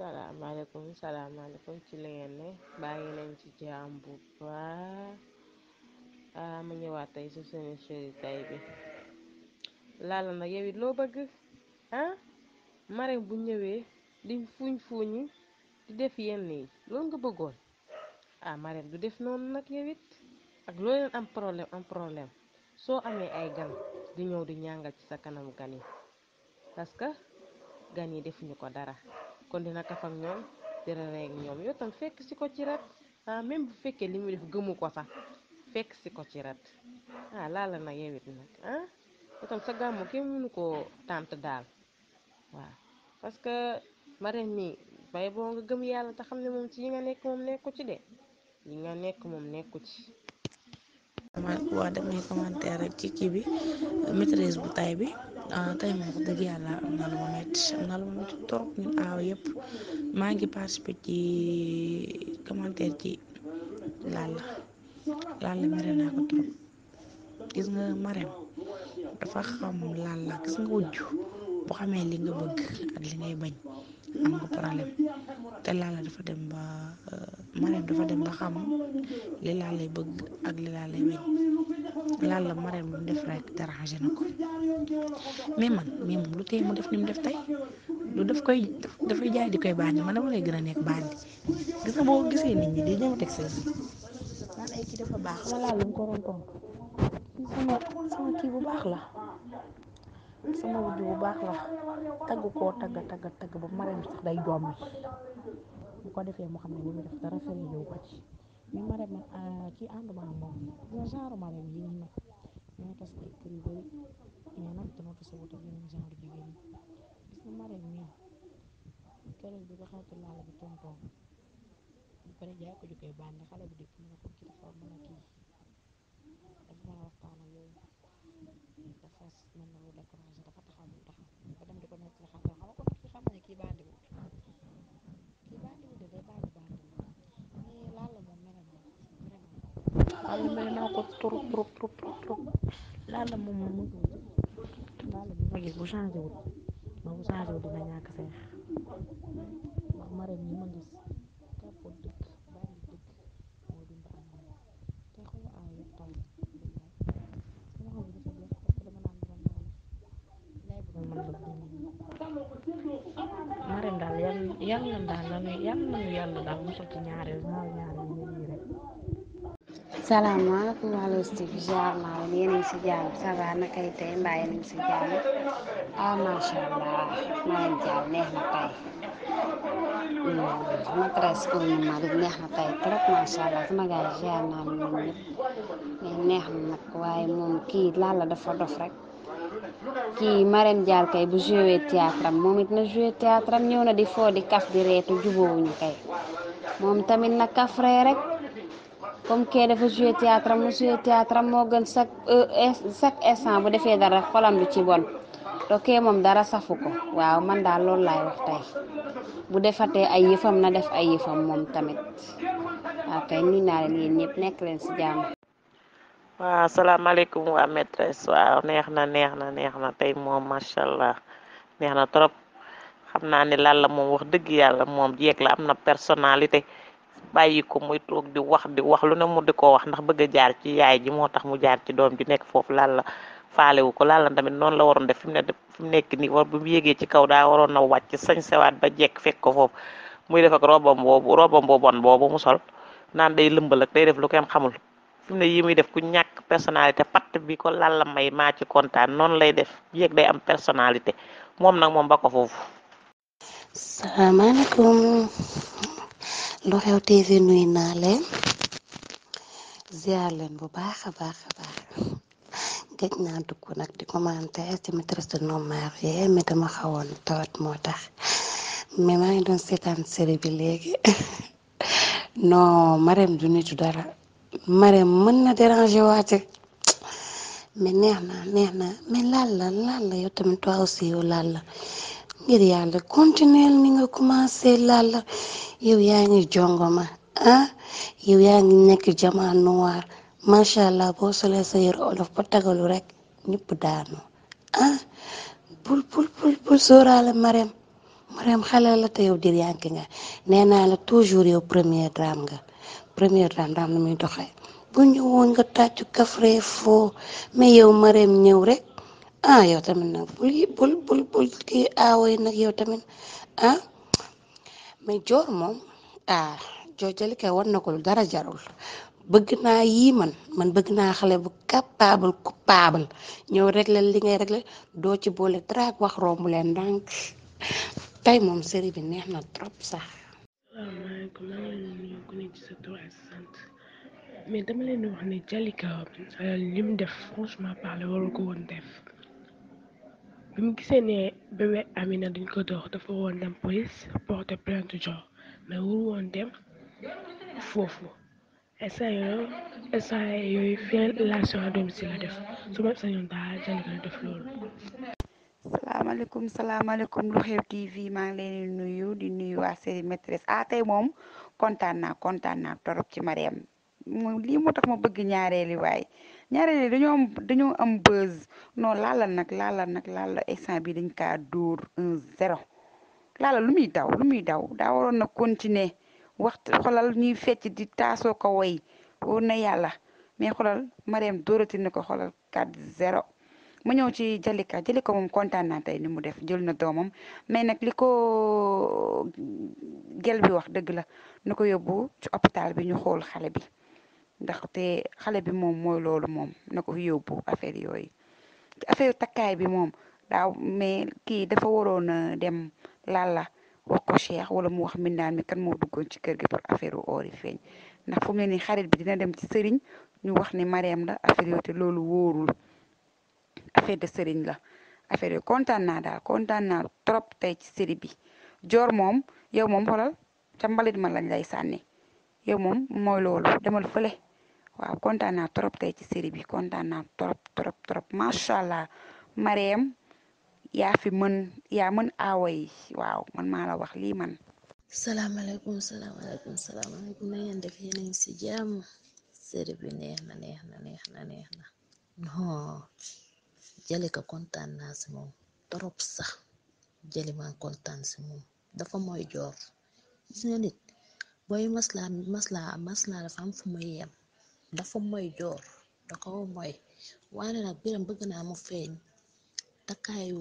salaamaaleykum salaamaaleykum ci li ngeen ne bàyyi nañ ci jaam bu baax ah, ma ñëwaat tey su seen série tay bi laala nag yow loo bëgg ah Marème bu ñëwee di fuuñ fuuñi di def yenn yi loolu nga bëggoon ah Marème du def noonu nag yow ak loo leen am problème am problème soo amee ay gan di ñëw di ñàngal ci sa kanam gan yi parce gan yi defuñu ko dara kon dina kaf ak ñoom dina ñoom yow tam fekk si ko ci rat ah même bu fekkee li muy def gëmu ko sax fekk si ko ci rat ah laala nag yow it nag ah yow tam sa gàmmu kenn mënu koo tànt daal waaw parce que Marème mi bay boo nga gëm yàlla te xam ne moom ci yi nga nekk moom nekku ci de yi nga nekk moom nekku ci waa damay commentaire rek ci kii bi maîtrise bu taay bi ah tey moom dëgg yàlla am na lu ma métti am na lu ma métti trop ñun aaw yëpp maa ngi participé ci commentaire ci Lalla Lalla mere naa ko trop gis nga Marème dafa xam Lalla gis nga wujju boo xamee li nga bëgg ak li ngay bañ am nga problème te Lalla dafa dem ba euh, Marème dafa dem ba xam li Lalla lay bëgg ak li Lalla lay bañ. lan la Marème lu def rek dérangé na ko mais man mais moom lu tey mu def ni def tey lu def koy dafay jaay di koy baax bandi man dama lay gën a nekk bandi gis boo gisee nit ñi day ñëw teg seen naan ay kii dafa baax wala lu mu ko doon tontu sama kii bu baax la sama wujj bu baax la tagg koo tagg tagg tagg ba Marème sax day doom bu ko defee mu xam ne li mu def dara fere yow ko ci mais Marème man ah, kii ànduma ak moom nga genre Marème yi nii nag ñoo tas kër yu bëri mais nag dama ko sowut ak yeneen genre jigéen ñi bi pare jaay ko jukkoy bànni xale bi dëpp mu ne ko kii dafa mën a kii dafa mën a waxtaan ak yooyu dafa mel dafa taxaw lu taxaw ba dem di ko nekk ci xam ne kii bàndiwut kii bàndiwut lallumee naa ma gis bu changé wul ma bu changé wul dina ñàkk seex ndax marem yi ma gis kàppoot a aay yëpp ci ñaareel salaamaaleykum waa Leuz TV jaar naa leen yéen si jàmm ça va naka tey mbaa yéen si jàmm ah macha neex na tey hmm, neex na tey trop macha allah sama gars jaar naa leen ñoom ñëpp neex na nag waaye moom kii laal la dafa dof rek kii Marème Dial kay bu joué théâtre moom it na joué théâtre am ñëw na di foo di kaf di reetu jubóowuñu kay moom tamit na kaf ree rek. comme kee dafa joué théâtre am mu joué théâtre am moo gën chaque euh, chaque instant bu defee dara xolam du ci bon te moom dara safu ko waaw man daal loolu laay bu defatee ay yëfam na def ay yëfam moom tamit waaw kay nuyu naa leen yéen nekk leen si jàmm. waaw asalaamaaleykum waa waaw neex na neex na neex na tey moom macha allah neex na trop xam naa ne Lalla moom wax dëgg yàlla moom jeeg la am na personnalité. bàyyi ko muy toog di wax di wax ne mu di wax ndax bëgg jaar ci yaay ji moo tax mu jaar ci doom ji nekk foofu lan la faalewu ko lan la tamit noonu la waroon def fi mu ne fi mu nekk nii war bu mu yégee ci kaw daa waroon na wàcc sañ sewaat ba jekk fekk ko foofu muy def ak robam boobu robam boobu bon boobu mu sol naan day lëmbal ak day def lu kenn xamul fi ne yi muy def ku ñàkk personnalité patt bi ko lan la may maa ci kontaan noonu lay def yéeg day am personalité moom nag moom ba foofu lu xew tv nuy naa leen ziar leen bu baax a baax a baax gëj naa dugg nag di commenter ci maîtresse d'un homme marié dama xawoon tawat moo tax mais maa ngi doon seetaan série bi léegi non Marème du nitu dara Marème mën na déranger waate mais neex na neex na mi laal la laal la yow tamit toi aussi yow laal la ngir yàlla continuer ni nga commencé lalla yow yaa ngi jongoma ah yow yaa ngi nekk jamaa noir macha allah boo solee sa yëre olof ba tagalu rek ñëpp daanu ah bul bul bul bul sóoraale Marème Marème xale la te yow dir yànki nga nee naa la toujours yow premier dame nga première dame dame la muy doxee bu ñëwoon nga tàccu kafre foo mais yow Marème ñëw rek. ah yow tamit nag bul bul bul bul kii aawo nag yow tamit ah mais joor moom ah joor jëli war na ko dara jarul bëgg naa yii man man bëgg naa xale bu capable coupable ñëw régler li ngay régler doo ci boole dara ak wax romb leen donc tey moom série bi neex na trop sax. bi mu gisee ne bébé Amina duñ ko dox dafa woon dem police porte plainte jox mais wur woon dem foofu instant yooyu instant yooyu fii relation à domicile def su ma sañoon daal jënd ko def loolu. salaamaaleykum salaamaaleykum lu xew TV maa leen di nuyu di nuyu waa série maîtresse ah moom kontaan naa kontaan naa torop ci Mariam moom lii tax ma bëgg ñaareeli waay. ñaareel yi dañoo am dañoo am buzz non laala nag laala nag laala instant bi dañ kaa dóor un zéro laala lu muy daw lu muy daw daa waroon na continuer waxtu xolal ñuy fecc di taasoo ko woy wóor na yàlla mais xolal Mariam dóorati na ko xolal 4 0 ma ñëw ci Jalika Jalika moom kontaan tey ni mu def jël na doomam mais nag li ko gel bi wax dëgg la na ko yóbbu ci hôpital bi ñu xool xale bi ndaxte xale bi moom mooy loolu moom na ko yóbbu affaire yooyu affaire takkaay bi moom daaw mais kii dafa waroon a dem la wax ko cheikh wala mu wax mindaan mi kan moo duggoon ci kër gi pour affaire oor yi feeñ ndax fu mu ne xarit bi dina dem ci sëriñ ñu wax ne mareem la affaire yooyu te loolu wóorul affaire de sëriñ la affaire yooyu kontaan daal kontaan naa trop tey ci série bi joor moom yow moom xolal ca mbalit ma lañ lay sànni yow moom mooy loolu waaw kontaan naa trop ci série bi kontaan naa trop trop trop macha allah Marème yaa fi mën yaa mën aawa waaw man maa la wax lii man. salaamaaleykum salaamaaleykum salaamaaleykum na def si jàmm série bi neex na neex na neex na neex na non ko kontaan naa si moom trop sax jëli maa kontaan si moom dafa mooy joor gis nga nit booy maslaa maslaa maslaa dafa am fu muy yem. dafa moy joor da ko moy waane nag biram bëgg naa mu feeñ takkaayu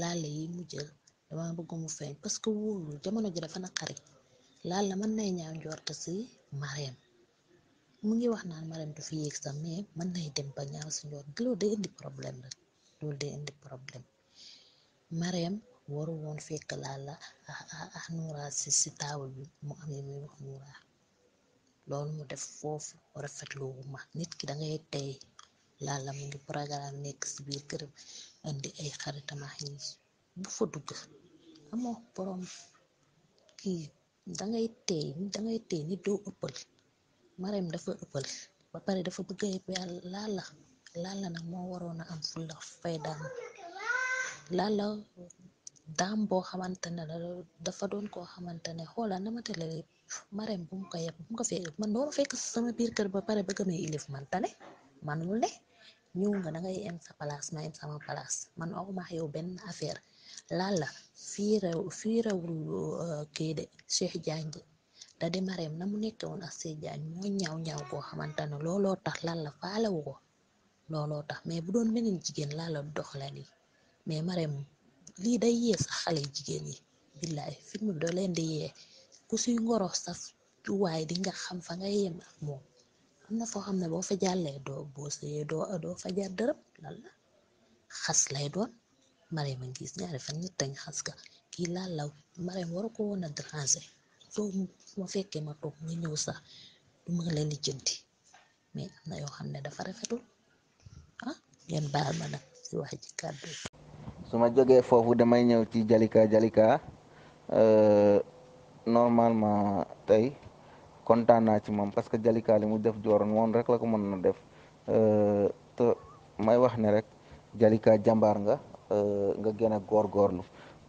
laale yi mu jël dama bëgg mu feeñ parce que wóolu jamono ji dafa naqari laal la mën nay ñaaw njorte si mareem mu ngi wax naan mareem du fi yéeg sax mais mën nay dem ba ñaaw si njort loolu day indi problème la loolu day indi problème mareem waru woon fekk laal la ah ah ah si si bi mu am yi muy wax nuuraa loolu mu def foofu rafetlu wu ma nit ki da ngay tey Lalla mu ngi programme nekk si biir këram indi ay xaritama ñi bu fa dugg amoo borom kii da ngay tey da ngay tey nit doo ëppal Marème dafa ëppal ba pare dafa bëgg a Lalla moo waroon a am fulla fay daam Lalla daam boo xamante ne dafa doon koo xamante ne xoolal na ma tele marem bu ko yeb bu mu ko fekk man doo ma fekk sama biir kër ba pare bëgg may ilif man tane manul ne ñëw nga da ngay am sa place ma am sama man aw ma yow benn affaire laal la fii rew fii rewul euh, kii de Cheikh Diagne da di marem na mu nekkee woon ak Cheikh Diagne moo ñaaw ñaaw koo xamante ne looloo tax laal la faalewu ko looloo tax mais bu doon beneen jigéen laal la dox la mais marem lii day yee xale jigéen yi billaay film bi da leen ku suy ngoro saf tuwaay di nga xam fa nga yem ak moom am na foo xam ne boo fa jàllee doo boo sëyee doo doo fa jar dërëm xas lay doon mareem a gis ñaari fan ñi tañ xas ka kii laal la mareem waru ko woon a déranger soo ma fekkee ma toog nga ñëw sax du ma la lijjanti mais am na yoo xam ne dafa rafetul ah ngeen baal ma nag su ma jógee foofu damay ñëw ci Jalika Jalika euh, normalement tey kontaan naa ci moom parce que Jalika li mu def jooroon moom rek la ko mën na def euh, te may wax ne rek Jalika jàmbaar nga euh, nga gën a góorgóorlu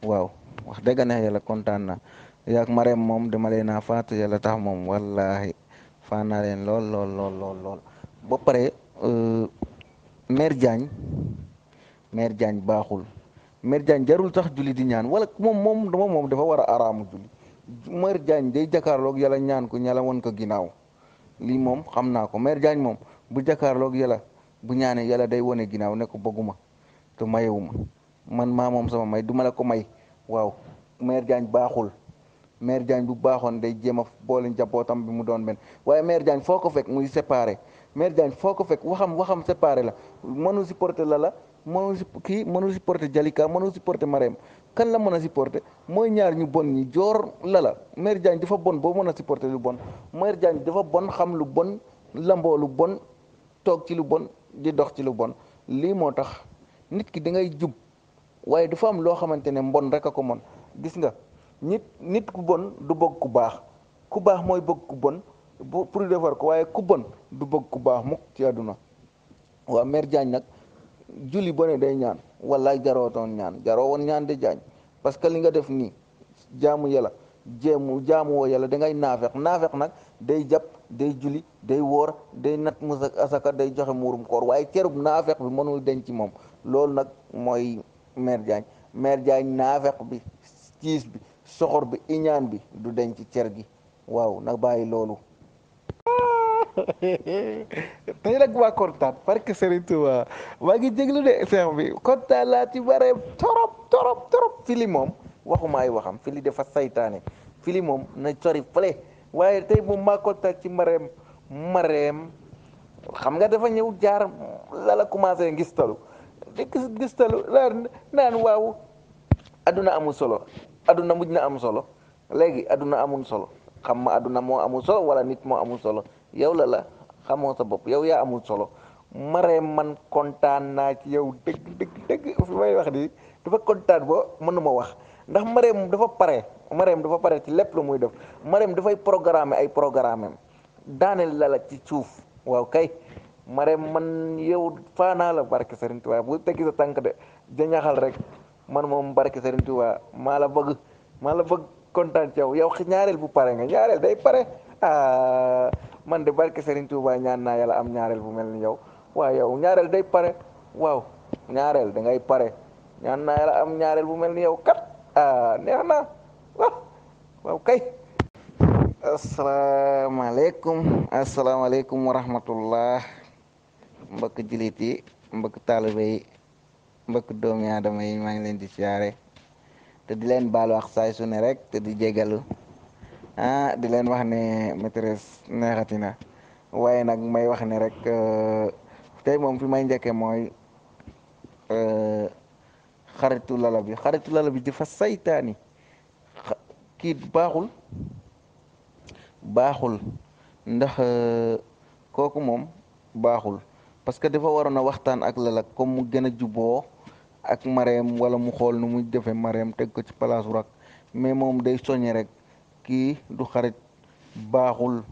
waaw wax dëgg neex yàlla kontaan naa yaag Marème moom dama leen a faatu yàlla tax moom wallahi faa naa leen lool lool lool lool lool ba pare euh, mère Diagne mère Diagne baaxul mère Diagne jarul tax julli di ñaan wala moom moom dama moom dafa war a araamu julli maire Diagne day jàkkaarloog yàlla ñaan ko ñala won ko ginnaaw lii moom xam naa ko maire Diagne moom bu jàkkaarloog yala bu ñaanee yàlla day wane ginnaaw ne ko bëgguma te mayewuma man maa moom sama may duma la ko may waaw maire Diagne baaxul maire Diagne bu baaxoon day jéem a boole njabootam bi mu doon benn waaye maire Diagne foo ko fekk muy séparé maire Diagne foo ko fekk waxam waxam séparé la mënu supporter la la mënu si kii mënu supporter Jalika mënu supporter Marème kan la mën a supporter mooy ñaar ñu bon ñi joor la la maire dafa bon boo mën a supporter lu bon maire Diagne dafa bon xam lu bon lamboo lu bon toog ci lu bon di dox ci lu bon lii moo tax nit ki da ngay jub waaye dafa am loo xamante ne mbon rek a ko mën gis nga nit nit ku bon du bëgg ku baax ku baax mooy bëgg ku bon pour defar ko waaye ku bon du bëgg ku baax mukk ci àdduna waa maire Diagne nag julli bone day ñaan wallaay jarootoon ñaan jaroo woon ñaan de jaañ parce que li nga def nii jaamu yàlla jéemu jaamuwoo yàlla da ngay naafeq naafeq nag day jàpp day julli day woor day nat musa asaka day joxe muurum koor waaye cerub naafeq bi mënul denc moom loolu nag mooy mère Diagne mère Diagne naafeq bi ciis bi soxor bi iñaan bi du denc cer gi waaw nag bàyyi loolu tey nag waa kontaan barke Serigne Touba maa ngi jéglu de feex bi kontaan laa ci bare torop torop fili moom waxuma ay waxam fili dafa saytaane fili moom na sori fële waaye tey moom maa kontaan ci mareem mareem xam nga dafa ñëw jaar lala commencé ngistalu di gis ngistalu naan naan waaw adduna amul solo adduna mujj na am solo léegi adduna amul solo xam ma adduna moo amul solo wala nit moo amul solo yow la la xamoo sa bopp yow yaa amul solo maree man kontaan naa ci yow dëgg dëgg dëgg fi may wax nii dafa wax ndax mareem dafa pare mareem dafa pare ci lépp lu muy def mareem dafay programme ay programme am daaneel la ci suuf waaw kay mareem man yow naa la barke Serigne Touba bu tekki tànk de jañaxal rek man moom barke Serigne Touba maa la bëgg maa la bëgg kontaan ci yow yow ñaareel bu pare nga ñaareel day pare ah man de barke Serigne Touba ñaan naa yàlla am ñaareel bu mel ni yow waaw ñaareel day pare waaw ñaareel pare ñaan naa yàlla am ñaareel bu mel ni yow kat ah neex na waaw waaw kay. asalaamaaleykum asalaamaaleykum wa rahmatullah mbokk jullit yi mbokk taalibe yi mbokk doomi aadama yi maa ngi leen di siyaare te di leen baal wax saay su ne rek te di jégalu. ah di leen wax ne maîtresse neexati na waaye nag may wax ne rek euh, tey moom fi may njëkke mooy euh, xaritu lala bi xaritu lala bi dafa saytaani kii baaxul baaxul ndax euh, kooku moom baaxul parce que dafa waroon a waxtaan ak lala comme mu gën a juboo ak mareem wala mu xool nu muy jëfe mareem teg ko ci palaasu rak mais moom day soñe rek kii du xarit baaxul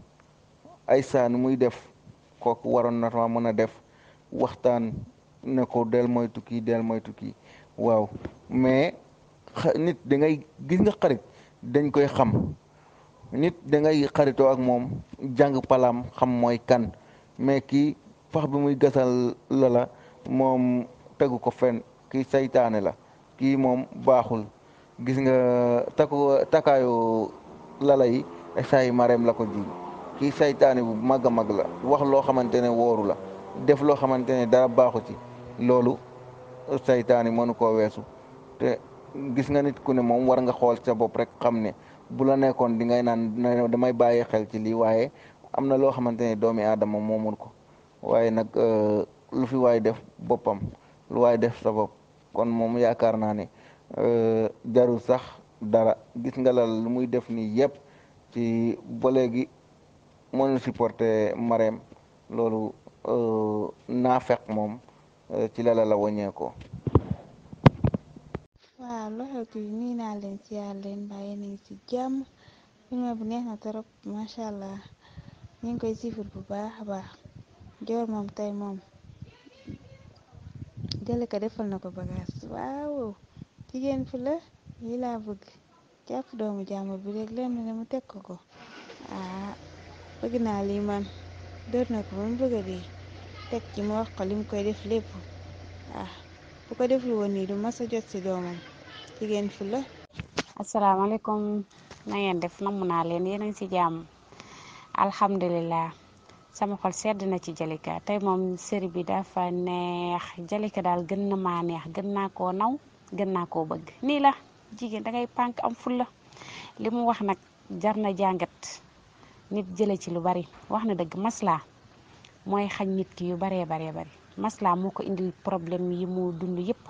ay saan muy def kooku waroon na ma mën a def waxtaan ne ko del moytu kii del moytu kii waaw mais nit dangay gis nga xarit dañ koy xam nit da ngay xaritoo ak moom jàng palaam xam mooy kan mais kii pax bi muy gasal lala la moom tegu ko fen ki saytaane la kii moom baaxul gis nga takku lala yi saa yi mareem la ko ji kii saytaane bu mag a mag la wax loo xamante ne wóoru la def loo xamante ne dara baaxu ci loolu saytaane mënu koo weesu gis nga nit ku ne moom war nga xool sa bopp rek xam ne bu la nekkoon di ngay naan damay bàyyi xel ci lii waaye am na loo xamante ne doomi moom moomul ko waaye nag euh, lu fi waay def boppam lu waay def sa kon moom yaakaar naa ne euh, sax dara gis nga la lu muy def nii yëpp ci ba léegi mënul supporter Marème loolu euh, naa fekk moom euh, ci la la la wàññeekoo. waaw loxo bi leen ci yàlla leen mbaa yéen ci jàmm film bi neex na trop macha allah ñu ngi koy siifur bu baax a baax joor moom tey moom jële ko defal na ko bagage waaw jigéen fi la. yi laa bëgg jàpp doomu jàmbur bi rek lenn ne mu teg ko ko aa ah, bëgg naa lii man na ko ba bëgg a dee teg ci mu wax ko lim koy def lépp ah bu ko def lu woon nii du mas jot si doomam jigéen fu la asalaamaaleykum na ngeen def namu naa leen yéen a ngi si jàmm alhamdulilah sama xol sedd na ci Jalika tey moom série bi dafa neex Jalika daal gën na maa neex gën naa koo naw gën naa ko bëgg nii la jigéen dangay pànk am fulla li mu wax nag jar na jàngat nit jële ci lu bari wax na dëgg maslaa mooy xañ nit ki yu baree baree bari maslaa moo ko indi problème yi mu dund yépp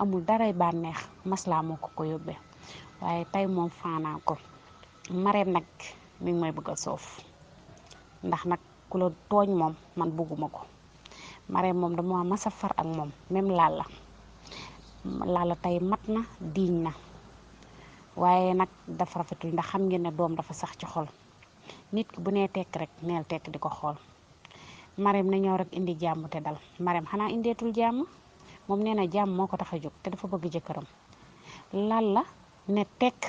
amul dara bànneex maslaa moo ko ko yóbbee waaye tey moom faanaa ko Marème nag mi ngi may bëgg a soof ndax nag ku la tooñ moom man bëgguma ko Marème moom dama masa far ak moom même Lalla Lalla tey mat na diiñ na waaye nag dafa rafetul ndax xam ngeen ne doom dafa sax ci xol nit ki bu nee tekk rek neel tekk di ko xool marem na ñëw rek indi jàmm te dal marem xanaa indeetul jàmm moom nee na jàmm moo ko tax jóg te dafa bëgg jëkkëram lan la ne tekk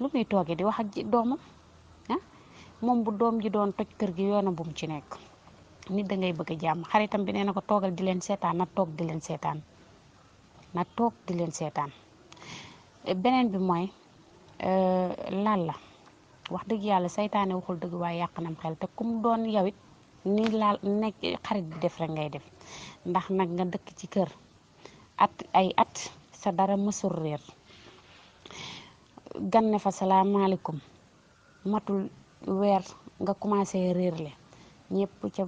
lu muy di wax ak doomam ah? moom bu doom ji doon toj kër gi yoona bu mu ci nekk nit da ngay bëgg jàmm xaritam bi nee na ko toogal di leen seetaan na toog di leen seetaan na toog di leen seetaan beneen bi mooy Euh, laal la wax dëgg yàlla seytaane waxul dëgg waaye yàq nam xel te kum doon yow ni laal nekk xarit di def rek ngay def ndax nag nga dëkk ci kër at ay at sa dara mësul réer ganne fa salaamaaleykum matul weer nga commencé réer le ñëpp ca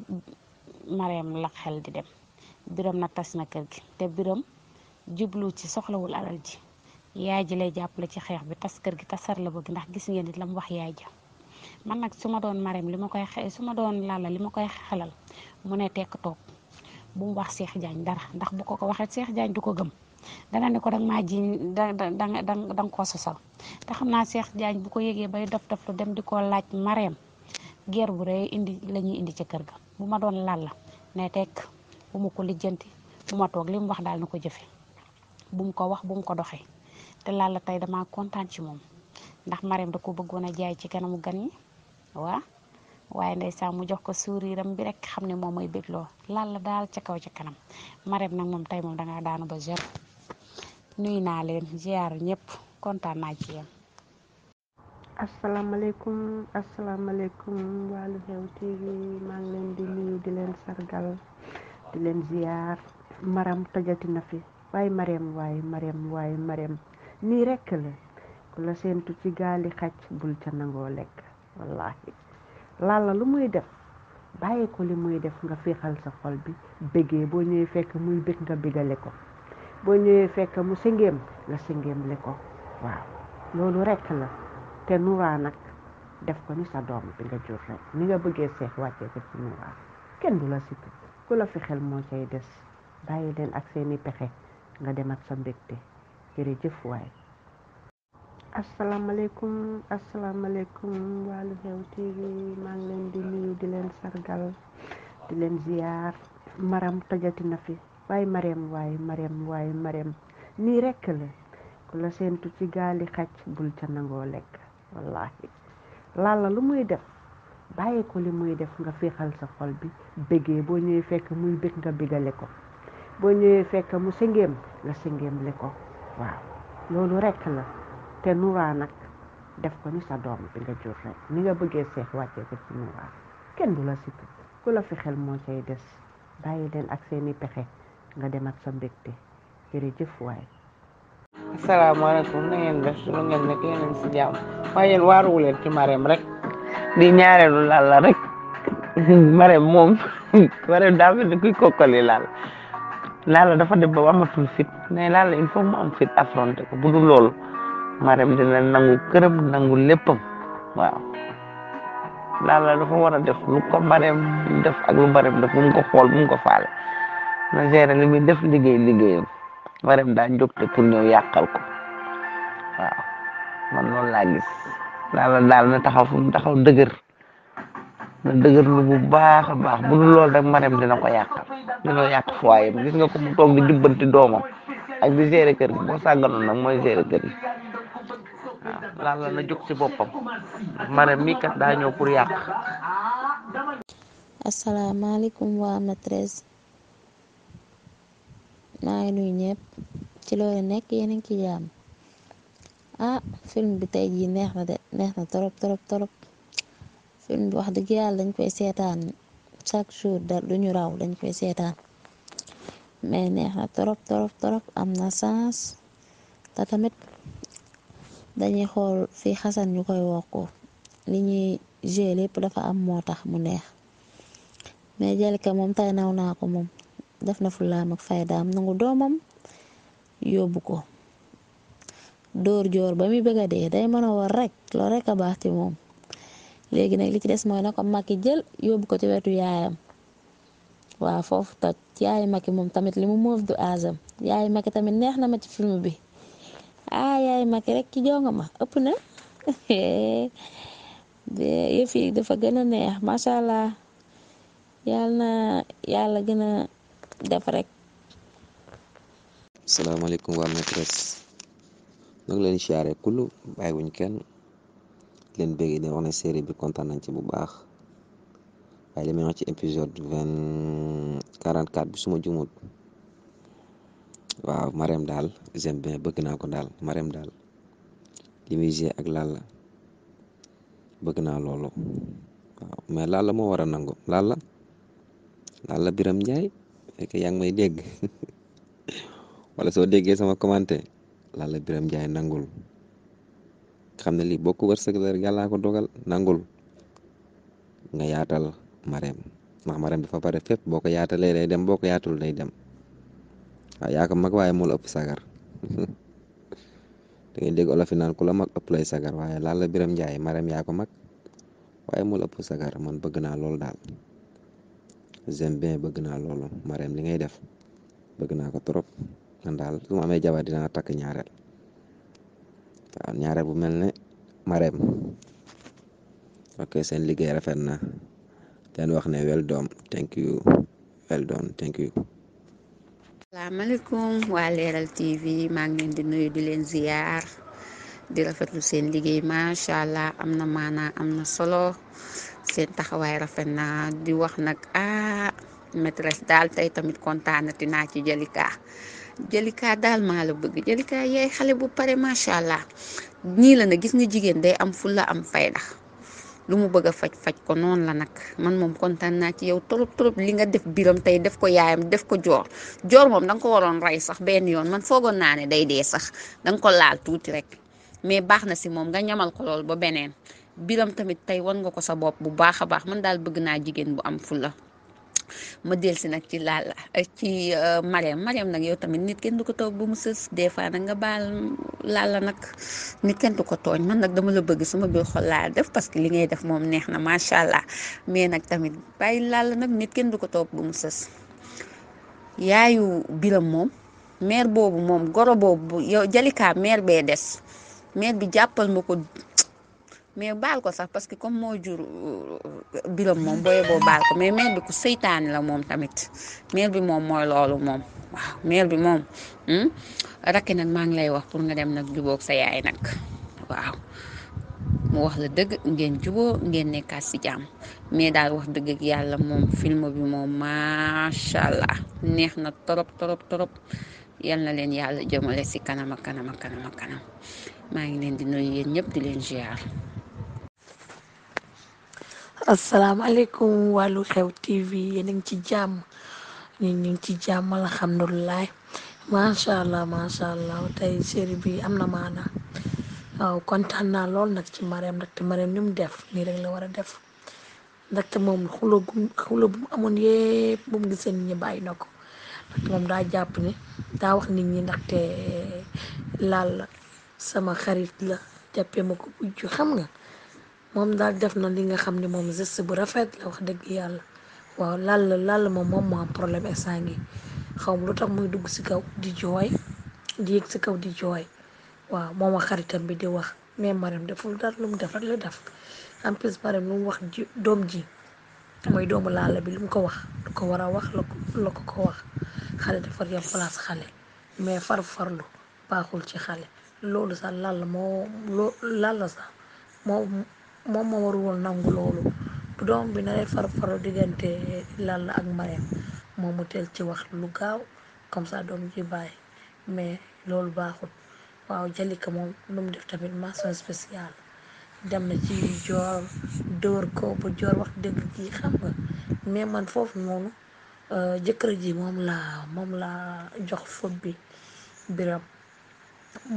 mareem la xel di dem biram na tas na kër gi te biram jublu ci soxlawul alal ji yaay ji lay jàppale ci xeex bi tas kër gi tasar la bëgg ndax gis ngeen nit la mu wax yaay ja man nag su ma doon marem li ma koy xe su ma doon lalla li ma koy xelal mu ne tekk toog bu mu wax Cheikh Diagne dara ndax bu ko ko waxee seex Diagne du ko gëm dana ni ko danga maa jiñ da da da nga koo sosal te xam naa Cheikh Diagne bu ko yëgee bay dof dof lu dem di ko laaj mareem guerre bu rëy indi lañuy indi ci kër ga bu ma doon lalla ne tekk bu ma ko lijjanti bu ma toog li mu wax daal na ko jëfe bu mu ko wax bu mu ko doxee te la tey dama kontaan ci moom ndax Marème da ko bëggoon a jaay ci kanamu gan ñi waa waaye ndeysaan mu jox ko sourire am bi rek xam ne moom mooy bégloo la daal ca kaw ca kanam Marème nag moom tey moom dangaa daanu ba ger nuyu naa leen ziar ñépp kontaan naa ci yeen asalaamaaleykum asalaamaaleykum waa di leen sargal leen ziar maram tojati na fi waaye mareem waaye mareem waaye mareem nii rekk la ku la seentu ci gaali xaj bul ca nangoo lekk wallaahi la lu muy def bàyyi ko li muy def nga fiixal sa xol bi bégee boo ñëwee fekk muy bég nga bégale ko boo ñëwee fekk mu sëngéem nga sëngéemle ko waaw loolu rekk la te nuraa nag def ko ni sa doom bi nga jur rek ni nga bëggee seex wàccee ko ci nuraa kenn du la sikk ku la fi xel moo cay des bàyyi leen ak seeni pexe nga dem ak sa mbégte jërëjëf waay asalaamaaleykum asalaamaaleykum wàllu xew tv maa ngi leen di nuyu di leen sargal di leen ziar maram tojati na fi waay mareem waay mareem waay mareem nii rekk la ku la seentu ci gaali xaj bul ca nangoo lekk wallaahi laala lu muy def bàyyi ko li muy def nga féexal sa xol bi bégee boo ñëwee fekk muy bég nga bégale ko boo ñëwee fekk mu sëngeem nga sëngeem le ko waaw loolu rekk la te Noura nag def ko ni sa doom bi nga jur rek ni nga bëggee seex wàccee ko ci Noura kenn du la sikk ku la fi moo cay des bàyyi leen ak seeni pexe nga dem ak sa mbégte jërëjëf waay asalaamaaleykum na ngeen def lu ngeen nekk yéen si jàmm waaye yéen waaruwu leen ci Marème rek di ñaareelu laal la rek Marème moom Marème daa mel kuy kokkali laal laala dafa dem ba amatul fit ne laala il faut mu am fit affronté ko bu dul loolu Marème dina nangu këram nangu léppam waaw laala dafa war a def lu ko Marème def ak lu Marème def bu ko xool bu ko faale na gérer li muy def liggéey liggéeyam Marème daa jógte pour ñëw yàqal ko waaw man loolu laa gis laala daal na taxaw fu taxaw dëgër na dëgërlu bu baax a baax bu dul loolu rek marem dina ko yàqal dina yàq foyam gis nga ko mu toog di jubbanti doomam ak di gérer kër boo sàgganoon nag mooy gérer kër gi la na jóg ci boppam marem mi kat daa ñëw pour yàq asalaamaaleykum waa maîtresse maa ngi nuyu ci loolu nekk yéen a ngi ah film bi tey jii neex na de neex na torop torop torop film wax dëgg yàlla dañ koy seetaan chaque jour da ñu raw dañ koy seetaan mais neex na torop torop am na sens te tamit dañuy xool fii xasan ñu koy wokku li ñuy joué dafa am moo tax mu neex mais Jalika moom tay naw naa ko moom def na fulaam ak faydaam nangu doomam yóbbu ko dóor joor ba muy bëgga dee day mën a war rek loolu rek a baax ci moom léegi nag li ci des mooy na ko Macky jël yóbbu ko ci wetu yaayam waaw foofu toj yaay Macky moom tamit li mu moof du aasam yaay Macky tamit neex na ma ci film bi ah yaay Macky ki ci jonga ma ëpp na yëf yi dafa gën a neex macha allah yàlla na yàlla gën a def rek. salaamaaleykum waa maîtresse. nag leen siyaare kullu bàyyiwuñ kenn. leen bëgg di wax ne série bi kontaan nañ ci bu baax waaye ci épisode vingt quarante suma jumut waaw Marème daal j'aime bien bëgg naa ko daal Marème daal li muy jouer ak Lalla bëgg naa loolu waaw mais Lalla moo war a nangu Lalla Lalla Biram Njaay fekk yaa ngi may dégg wala soo déggee sama commenté Lalla Biram Njaay nangul xam ne lii bokk wërsëg la yàllaa ko dogal nangul nga yaatal mareem ndax mareem dafa pare fépp boo ko yaatalee day dem boo ko yaatul day dem waaw yaa ko mag waaye moo ëpp sagar da ngay dégg olof yi naan ku la mag ëpp lay sagar waaye laal la biram njaay mareem yaa ko mag waaye moo ëpp sagar man bëgg naa lool daal j'aime bien bëgg naa loolu mareem li ngay def bëgg naa ko trop man daal su ma amee jabar dinaa takk ñaareel waaw ñaare bu mel ne mareem ok seen liggéey rafet na leen wax ne well done thank you well done thank you salaamaaleykum leeral tv maa ngi leen di nuyu di leen ziyaar di rafetlu seen liggéey macha allah am na maanaa am na solo seen taxawaay rafet na di wax nag ah maîtresse daal tey tamit kontaanati naa ci Jalika jëlikaa daal maa la bëgg Jalika yaay xale bu pare macha allah nii la na gis nga jigéen day am fulla am fayda lu mu bëgg a faj faj ko noonu la nag man moom kontaan naa ci yow trop trop li nga def biram tey def ko yaayam def ko joor joor moom da nga ko waroon rey sax benn yoon man foogoon naa ne day dee sax danga ko laal tuuti rek mais baax na si moom nga ñamal ko lool ba beneen biram tamit tey war nga ko sa bopp bu baax a baax man daal bëgg naa jigéen bu am fulla ma del si nag ci laal ci Marème euh, Marème nag yow tamit nit kenn du ko toog bu mu sës des fois nag nga baal laal la nag nit kenn du ko tooñ man nag dama la bëgg suma biir xol def parce que li ngay def moom neex na macha allah mais nag tamit bàyyi laal nag nit kenn du ko toog bu mu sës yaayu biram moom mère boobu moom goro boobu yow jalika mère bee des mère bi jàppal ma ko. mais baal ko sax parce que comme moo jur euh, biram moom ba boo baal ko mais mère bi ku seytaane la moom tamit mère bi moom mooy loolu moom waaw mère bi moom hmm? rakki nag maa ngi lay wax pour nga dem nag jubóog sa yaay nag waaw wax la dëgg ngeen juboo ngeen nekkaat si jàmm mais daal wax dëgg yàlla moom film bi moom macha allah neex na torop torop torop yal na leen yàlla jëmale si kanam ak kanam ak kanam kanam maa ngi leen di nuyu yéen ñëpp di leen ziar. asalaamaaleykum waa Lu Xew TV yéen a ngi ci jàmm ñu ngi ci jàmm alhamdulilah macha allah macha allah tey série am na maana waaw kontaan naa lool nag ci Marème ndaxte Marème ni mu def nii rek la war a def ndaxte moom amoon yépp bu bàyyi na ko moom daa jàpp ni daa wax nit ñi ndaxte laal sama xarit la jàppee ma ko bujj xam nga. moom daal def na li nga xam ne moom geste bu rafet la wax dëgg yàlla waaw lal lal moom moom moo am problème instant gi xaw ma lu tax muy dugg si kaw di jooy di yëg si kaw di jooy waaw moom a xaritam bi di wax mais Marème deful dara lu def rek la def en plus mu wax ji doom ji mooy doomu laala bi lu mu ko wax lu ko war a wax la ko ko wax xale dafa yem place xale mais far farlu baaxul ci xale loolu sax lal moo lal sax moom moo waru woon nangu loolu doom bi na leen far faru diggante Lalla ak Marème moom mu teel ci wax lu gaaw comme ça doom ji bàyyi mais loolu baaxut waaw Jalika moom lu mu def tamit mention spéciale dem na ci joor dóor ko bu joor wax dëgg ji xam nga mais man foofu noonu euh, jëkkër ji moom laa moom laa jox fob bi biram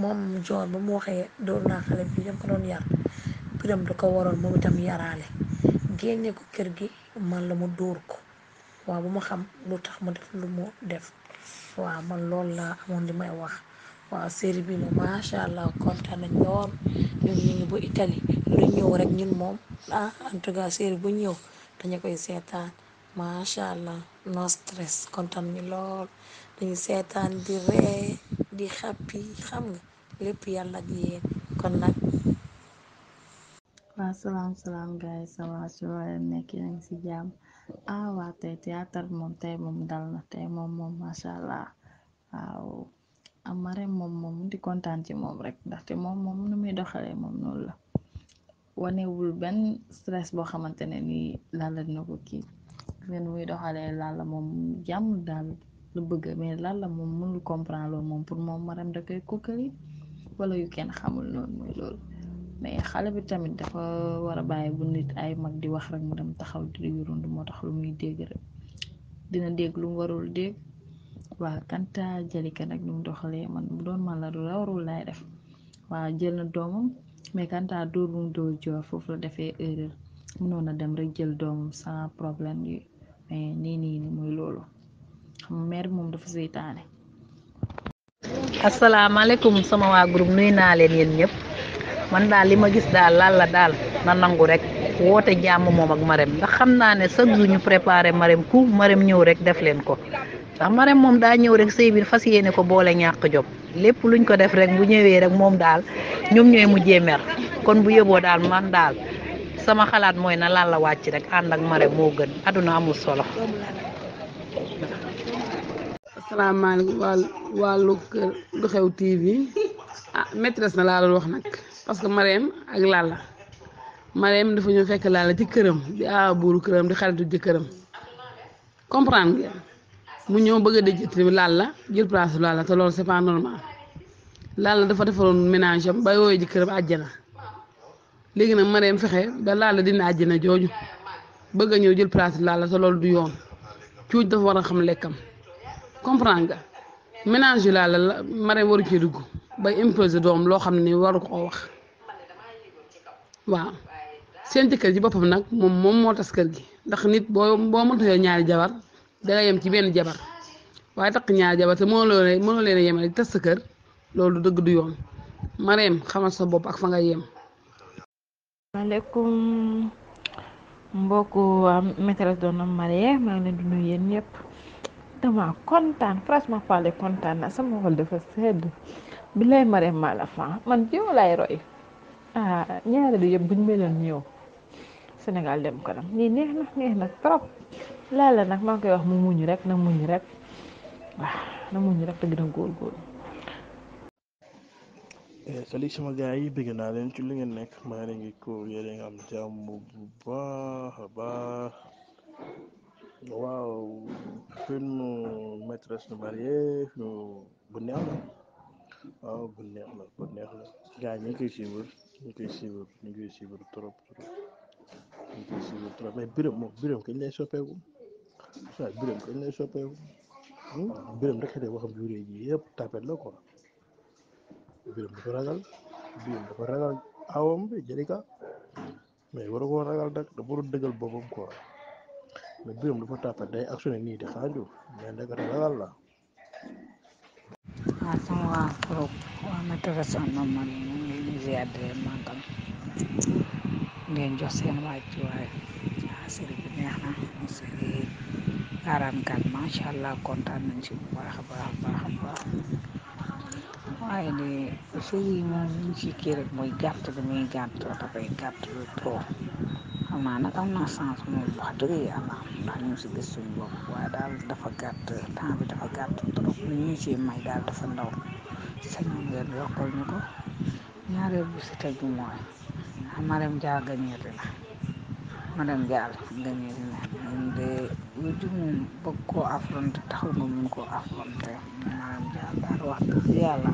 moom joor ba mu waxee dóor naa xale bi dama ko doon yar biram da ko waroon moom itam yaraale génne ko kër gi man la mu dóor ko waaw bu ma xam lu tax mu def lu mu def waaw man loolu laa amoon li may wax waaw série bi moom macha allah kontaan nañ lool ñun ñu ngi moom ah en bu ñëw dañu koy seetaan macha allah no stress kontaan ñu lool dañu seetaan di ree di xàppi xam nga lépp yàlla ak yéen kon nag. waa salaam salaam gars yi ça va su ma leen nekk yéen si jàmm ah waa tey théâtre moom tey moom dal na tey moom moom macha allah waaw ama rem moom moom di kontaan ci moom rek ndaxte moom moom nu muy doxalee moom noonu la wanewul benn stress boo xamante ne nii lalla dina ko kii leen doxalee lalla moom jàmm daal lu bëgg mais lalla moom mënul comprendre moom pour moom ma rem da koy kokkali wala yu kenn xamul noonu mooy loolu. mais xale bi tamit dafa war a bàyyi bu ay mag di wax rek mu taxaw di yurundu moo tax lu muy dégg rek dina dégg lu warul dégg waa kanta jalika nag nu mu doxalee man doon man la du warul laay def waa jël na doomam mais kanta dóor bu mu dóor joor foofu la defee erreur mënoon a dem rek jël doomam sans problème yi mais nii nii ni muy loolu xam moom dafa seytaane asalaamaaleykum sama waa groupe nuy naa leen yéen ñëpp man daal li ma gis daal laal la daal na nangu rek woote jàmm moom ak marem ndax xam naa ne chaque jour ñu préparé marem ku marem ñëw rek def leen ko ndax marem moom daa ñëw rek sëy bi fas yéene ko boole ñàkk jom lépp luñ ko def rek bu ñëwee rek moom daal ñoom ñooy mu mer kon bu yóbboo daal man daal sama xalaat mooy na laal la wàcc rek ànd ak marem moo gën àdduna amul solo. asalaamaaleykum wàllu wàllu kër du xew TV ah na laa doon nag. parce que Marème ak Lalla Marème dafa ñëw fekk Lalla ci këram di aawa këram di xaritu jëkkëram comprend ngeen mu ñëw bëgg a dëjëti Lalla jël place Lalla te loolu c'est pas normal Lalla dafa defaroon ménage am ba yooyu jëkkëram léegi nag Marème fexe ba Lalla dina àjjana jooju bëgg a jël place Lalla te lool du yoon cuuj dafa war a xam lekkam comprendre nga ménage yu Lalla waru cee dugg. bay imposé doom loo xam ne waru ko wax waaw seen jëkkër ji boppam nag moom moom moo tas kër gi ndax nit boo boo mënta yor ñaari jabar danga yem ci benn jabar waaye takk ñaari jabar te mënuloo leen mënuloo leen a yemale tas sa kër loolu dëgg du yoon mareem xamal sa bopp ak fa nga yem. maaleykum mbokku maîtresse d'un homme marié maa ngi leen di nuyu yéen dama kontaan franchement parler kontaan na sama xol dafa sedd. billaay Marème maa la fan man yow laay roy ah ñaari du yëpp buñ meloon ñëw Sénégal dem kanam nii neex na neex na trop laala nag maa ngi koy wax mu muñ rek na muñ rek waaw na muñ rek te gën eh, sama gars yi bëgg naa leen ci li ngeen nekk maa ngi ko yére nga am bu baax a baax waaw film maîtresse de mariée bu neex waaw bu neex la bu neex la gars ñi koy suivre ñi koy suivre ñi koy suivre trop trop ñi koy suivre trop mais biram moom biram kañ lay soppeeku biram kañ lay soppeeku hmm? biram rek xëy waxam jure ji yëpp tapet la quoi biram dafa ragal biram dafa bi jërika mais war ko ragal nag da war a dëggal boppam quoi mais biram dafa tapet day actionné nii di xaaju mais nag ragal waa ah, sama waa groupe waa maîtresse en homme man ñu ngi leen di ziar di leen màggal di leen jox seen wàccuwaay waa ah, série bi neex na mu série 44 macha allah kontaan nañ ci bu baax a baax a baax a baax waaye de série moom ñu ci kii rek mooy gàtt bi muy gàtt dafay gàtt trop. amaana am naa chance moom wax dëgg yàlla ndax ñu si gis bopp waaye daal dafa gàtt temps bi dafa gàtt trop lu ñu may daal dafa ndaw sañoon ngeen yokkal ñu ko ñaareel bi si tegu mooy Mariam Diallo gañeeti na Mariam Diallo gañeeti na ñun de lu jum koo affronté taxul nga mun koo affronté Mariam Diallo daal wax dëgg yàlla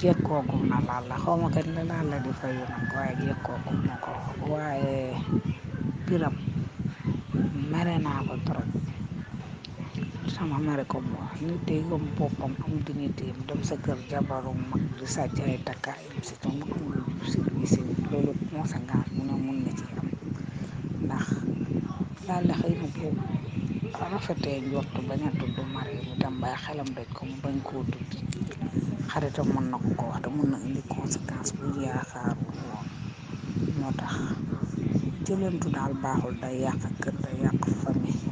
jekkookum na laal la xaw ma kat la laal la di fay nag waaye jekkookum na ko waaye biram mere naa ko trop sama mere ko mo nit day yom boppam am dignitéem dem sa kër jabaru mag di sàcc ay takkaayam si tam amul service loolu moo sa ngaar mu ne mun na ci am ndax laal la xëy na boobu rafetee njort bañ tudd mari mu dem bay xelam doj ko mu bañ koo tudd xaritam mën na ko ko wax te mën na indi conséquence bu yaakaaru woon moo tax jëlantu daal baaxul day yàq kër day yàq famille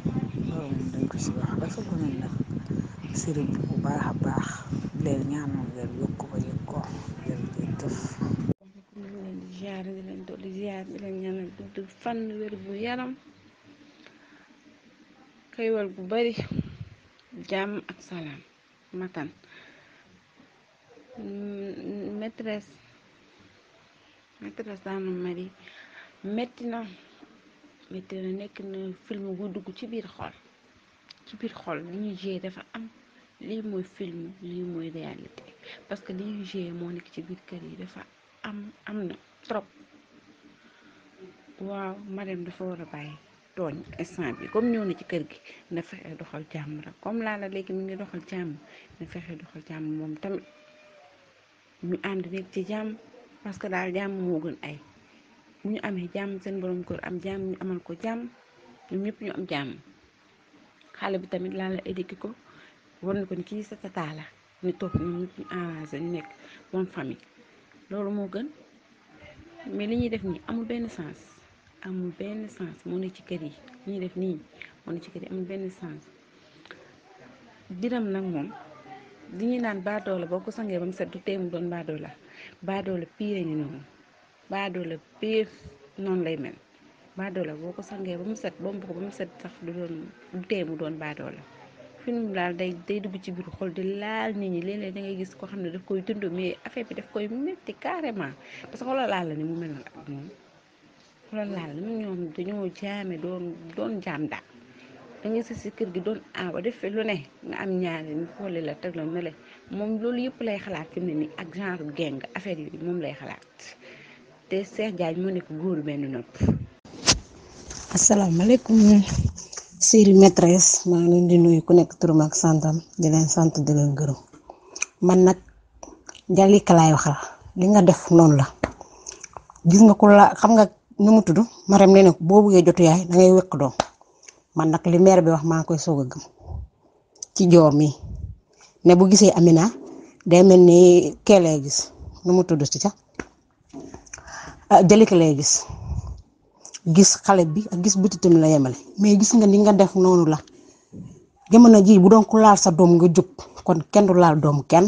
loolu moom dañ ko si wax dafa lu nag sëriñ bi bu baax a baax leen ñaanoo ngeen yokk ba yëg ko jëf ziar leen dolli ziar di leen ñaanal gudd fan bu yaram xéewal bu bari jàmm ak salaam matan maîtresse mm, mm, maîtresse d'un mari metti na metti na nekk na film bu dugg ci biir xool ci biir xol li ñu jee dafa am lii mooy film lii mooy réalité parce que li ñu jee moo nekk ci biir kër yi dafa am am na trop waaw Marème dafa war a bàyyi tooñ instant bi comme ñëw na ci kër gi na fexe doxal jàmm rek comme laa la léegi mi ngi doxal jàmm na fexe doxal jàmm moom tamit ñu ànd nekk ci jàmm parce que daal jàmm moo gën ay bu ñu amee jàmm seen borom kër am jàmm ñu amal ko jàmm ñoom ñëpp ñu am jàmm xale bi tamit laa la éduqué ko war na ko ni kii sa tataa la ñu toog ñoom ñëpp ñu nekk bonne famille loolu moo gën mais li ñuy def nii amul benn sens amul benn sens moo ne ci kër yi li ñuy def nii moo ne ci kër yi amul benn sens diram nag moom. li ñuy naan baadoola boo ko sangee ba mu set du tee mu doon baadoola baadoola pire ñu noonu baadoola pire noon lay mel baadoola boo ko sangee ba mu set bomb ko ba mu set sax du doon du tee mu doon baadoola mu daal day day dugg ci biir xol di laal nit ñi léeg-léeg da ngay gis koo xam ne daf koy dund mais affaire bi daf koy métti carrément parce que xoolal laal la ni mu mel noonu ak moom xoolal laal la ñoom dañoo jaame doon doon jaam daal. danga si si kër gi doon aawa def fi lu ne nga am ñaari ñu xooli la teg la ne la moom loolu yëpp lay xalaat fi mu ne nii ak genre geng affaire yooyu moom lay xalaat te Cheikh Diagne moo benn nopp. asalaamaaleykum série maîtresse di nuyu ku nekk turam ak santam di sant di leen nag Jalika laay waxal nga def noonu la gis nga ku laa xam nga nu mu tudd Marème nee na boo bëggee jotu yaay da ngay wekk doom. man nag li maire bi wax maa ngi koy soog a gëm ci joor mi ne bu gisee Amina day mel ni kee lay gis nu mu tudd ci sax ah, jëlik lay gis gis xale bi ak gis butitam la yemale mais gis nga ni nga def noonu la jamono ji bu doon laal sa doom nga jóg kon kenn du laal doom kenn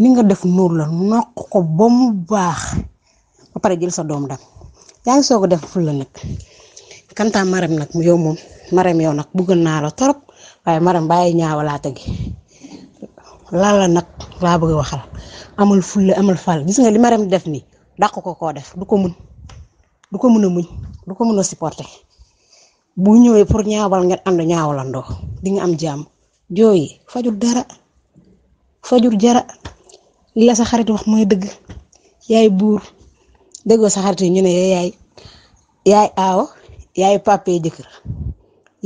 ni nga def noonu la noq ko ba mu baax ba pare jël sa doom dem yaa ngi soog def ful la nag kanta maram nag mu yow moom maram yow nag bëggal naa la torop waaye maram bàyyi ñaawalaate gi lala nag laa bëgg waxal amul fulle amal fal gis nga li maram def nii dàq ko koo def du ko mun du ko mun a muñ du ko mun a supporter bu ñëwee pour ñaawal ngeen ànd ñaawalandoo di nga am jàmm jooyi fajul dara fajul jara la sa xarit wax mooy dëgg yaay buur déggoo sa xarit yi ñu ne yaay yaay aawa yaay papay jëkkër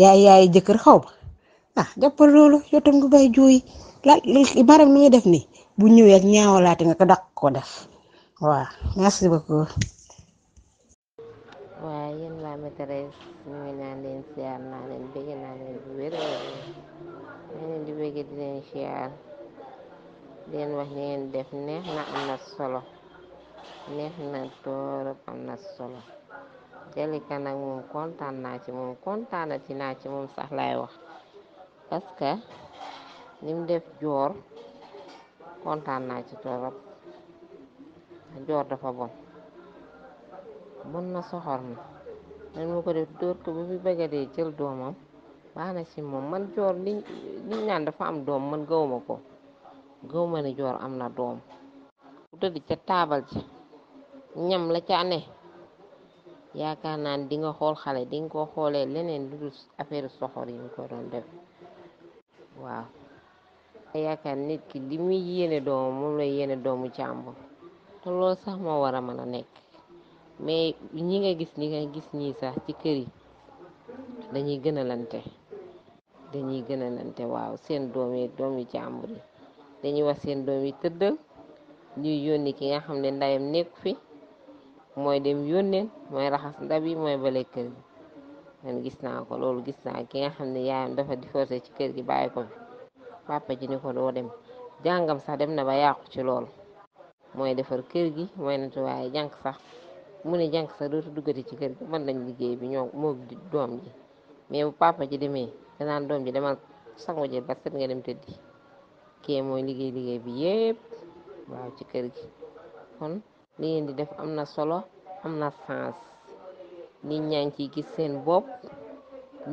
yaay yaay jëkkër xaw ma ah jàppal loolu yotam nga bay jooy la maram lu muy def nii bu ñëwee ak ñaawalaate nga ko daq ko def waaw merci beaucoup. waaw yéen la maîtresse ñu ngi naan leen siyaar naa leen bëgg naa leen siyaar di wax ni def neex na am na solo neex na torop am na solo. Jalika nag moom kontaan naa ci moom kontaanati naa ci moom sax laay wax parce que lim def joor kontaan naa ci torop joor dafa bon bon na soxor na man mu ko def dóor ko bu fi bëgga dee jël doomam ci moom man joor li liñ naan dafa am doom man gawma ko gawma ne joor am na doom bu tëdd ca taabal ci ñam la ca ne yaakaar naa ne di nga xool xale di nga ko xoolee leneen lu dul affaire soxor yi nga ko doon def waaw yaakaar nit ki li muy yéene doomu moom la yéene doomu jàmbur te loolu sax moo war a mën a nekk mais ñi nga gis ñi nga gis ñii sax ci kër yi dañuy gën a lante dañuy gën a lante waaw seen doom doom yi jàmbur yi dañuy wax seen doom yi tëddal ñuy yónni ki nga xam ne ndayam nekku fi mooy dem yónneen mooy raxas ndab yi mooy bale kër gi man gis naa ko loolu gis naa ki nga xam ne yaayam dafa di forcé ci kër gi bàyyi ko fi papa ji ni ko doo dem jàngam sax dem na ba yàqu ci loolu mooy defar kër gi mooy nettoyé jànk sax mu ne jànk sax dootu duggati ci kër gi man liggéey bi ñoo moo doom ji mais bu papa ji demee danaan doom ji demal sangu ji ba set nga dem tëddi kee mooy liggéey liggéey bi yépp waaw ci kër gi kon lii ngeen di def am na solo am na sance nit ñaa ngi ciy gis seen bopp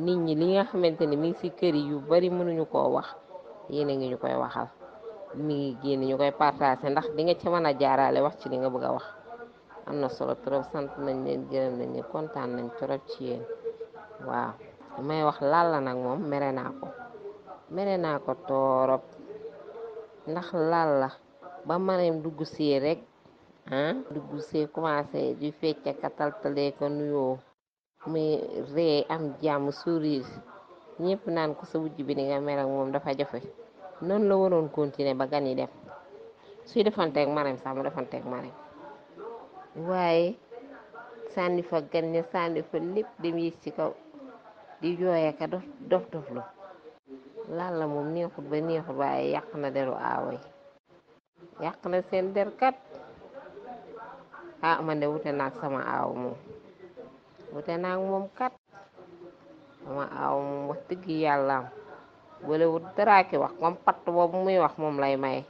nit ñi li nga xamante ne mi ngi ci kër yu bari mënuñu koo wax yéen a ngi ñu koy waxal mi ngi génn ñu koy partagé ndax di nga ci mën a jaarale wax ci li nga bëgg wax am na solo trop sant nañ leen gërëm nañ leen kontaan nañ trop ci yéen waaw may wax Lalla nag moom mere naa ko mere naa ko torop ndax Lalla ba maneem dugg si rek ah dugg see commencé di fecca kataltale ko nuyoo muy ree am jàmm sourire ñëpp naan ko sa wujj bi ni nga mel ak moom dafa jafe noonu la waroon continuer ba gani dem suy defanteeg marem sax mu defanteeg marem waaye sànni fa gan sànni fa lépp dem yëg ci kaw di jooyee ka dof dof Lalla moom neexut ba neexut waaye yàq na deru aawo yi yàq na seen derkat ah man de wute naak sama aaw moom wute naak moom kat sama aaw moom wax dëgg yàllaam wala wut dara ki wax comme patt boobu muy wax moom lay maye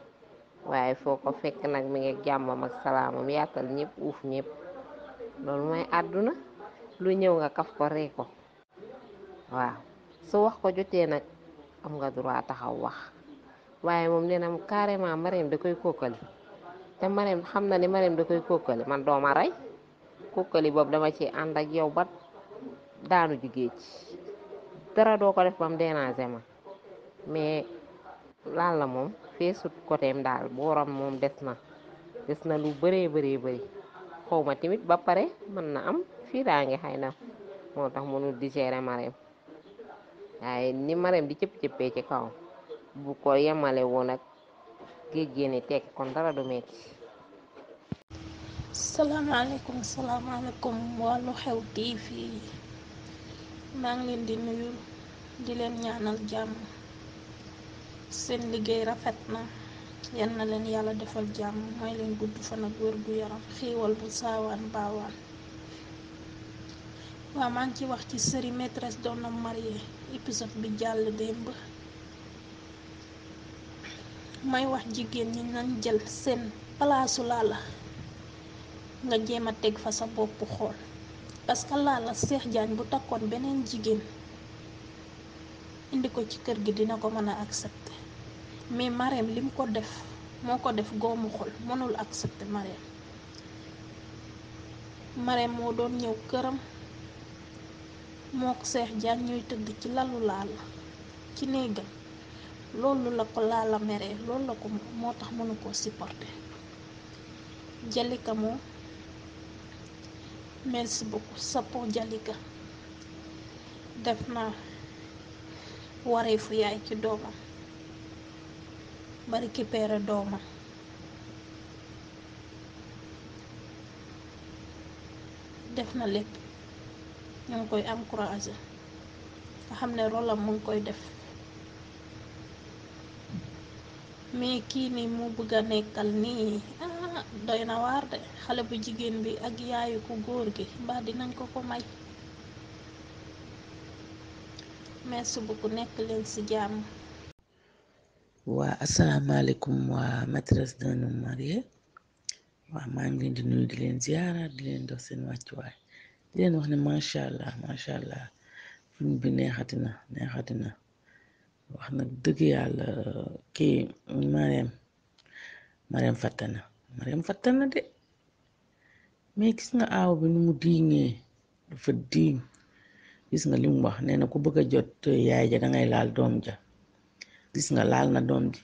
waaye foo ko fekk nag mi ngi jàmmam ak salaamam yaatal ñëpp uuf ñëpp loolu mooy àdduna lu ñëw nga kaf ko ree ko waaw su wax ko jotee nag am nga droit taxaw wax waaye moom nee na carrément Mariam da koy kookali te Marème xam na ni Marème da koy kókkali man dooma rey kókkali boobu dama ci ànd ak yow ba daanu jugee ci dara doo ko def ba mu ma mais laal la moom feesut côtéem daal booram moom des na des na lu bëree bëree bëri xaw ma tamit ba pare mën na am fii daa ngi xëy na moo tax mënul digérer Marème waaye ni Marème di cëpp-cëppee ci kawam bu ko yemale géej gée ni tekk kon dara du metti salaamaaleykum salaamaaleykum wàllu xew TV maa ngi leen di nuyu di leen ñaanal jàmm seen liggéey rafet na yal leen yàlla defal jàmm mooy leen gudd fa ak wér gu yaram xiiwal bu saawaan baawaan waaw maa ngi ci wax ci série maîtresse d'un homme marié bi jàll démb may wax jigéen ñi nañ jël seen palaasu laa la nga jéem a teg fa sa bopp xool parce que la Cheikh Diagne bu takkoon beneen jigéen indi ko ci kër gi dina ko mën a accepter mais Marème lim ko def moo ko def goomu xol mënul accepter Marème Marème moo doon ñëw këram moo ko Cheikh Diagne ñuy tëdd ci lalu la ci néegam loolu la ko laala loolu la ko moo tax mënu koo supporter Jalika moom merci beaucoup sa pour Jalika def na wareefu yaay ci doomam bari récupérer doomam def na lépp ñu ngi koy am nga xam ne rolam mu koy def mais kii ni mu bëgg a nekkal nii ah doy na waar de xale bu jigéen bi ak yaayu ku góor gi mbaa dinañ ko ko may merci beaucoup nekk leen ci jàmm waa asalaamaaleykum waa maîtresse d'un homme marié waa maa ngi leen di nuyu di leen ziara di leen dox seen wàccuwaay di leen wax ne macha allah macha allah film bi neexatina neexatina wax nag dëgg yàlla kii Marème Marème fattana Marème fattana de mais gis nga aaw bi nu mu diiñee dafa diiñ gis nga li mu wax nee na ku bëgg a jot yaay ja dangay laal doom ja gis nga laal na doom ji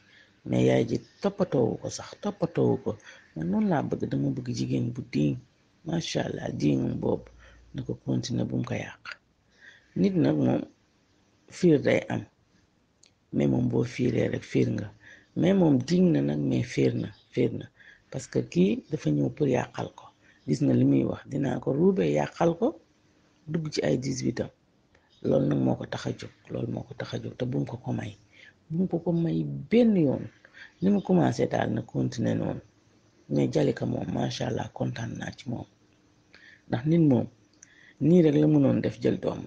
mais yaay ji toppatoowu ko sax toppatoowu ko man noonu laa bëgg dama bëgg jigéen bu diiñ macha allah diiñum boobu na ko continuer bum mu ko yàq nit nag moom fiir day am mais moom boo fiiree rek fiir nga mais moom diñ na nag mais fiir na fiir na parce que kii dafa ñëw pour yàqal ko gis na li muy wax dinaa ko ruubee yàqal ko dugg ci ay 18 am loolu nag moo ko tax a jóg loolu moo ko tax a jóg te bu ko ko may bu ko ko may benn yoon li mu commencé daal na continuer noonu mais Jalika moom macha allah kontaan naa ci moom ndax nit moom nii rek la mënoon def jël doom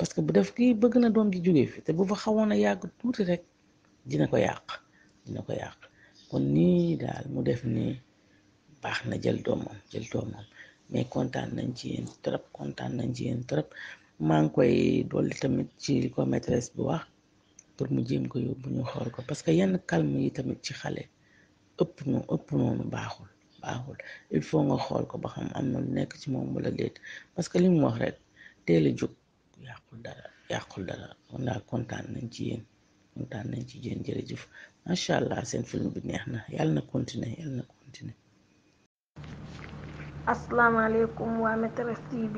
parce que bu def kii bëgg na doom ji juge fi te bu fa xawoon a yàgg tuuti rek dina ko yàq dina ko yàq kon nii daal mu def nii baax na jël doomam jël doomam mais kontaan nañ ci yéen trop kontaan nañ ci yéen trop maa ngi koy dolli tamit ci li ko maîtresse bi wax pour mu jéem ko yóbbu ñu xool ko parce que yenn calme yi tamit ci xale ëpp noonu ëpp noonu baaxul baaxul il faut nga xool ko ba xam am na lu nekk ci moom wala déet parce que li wax rek teel a jóg yàqul dara yàqul dara man daal kontaan nañ ci yéen kontaan nañ ci yéen jërëjëf macha allah seen film bi neex na yàlla na continuer yàlla na continuer. asalaamaaleykum waa Maitresse TV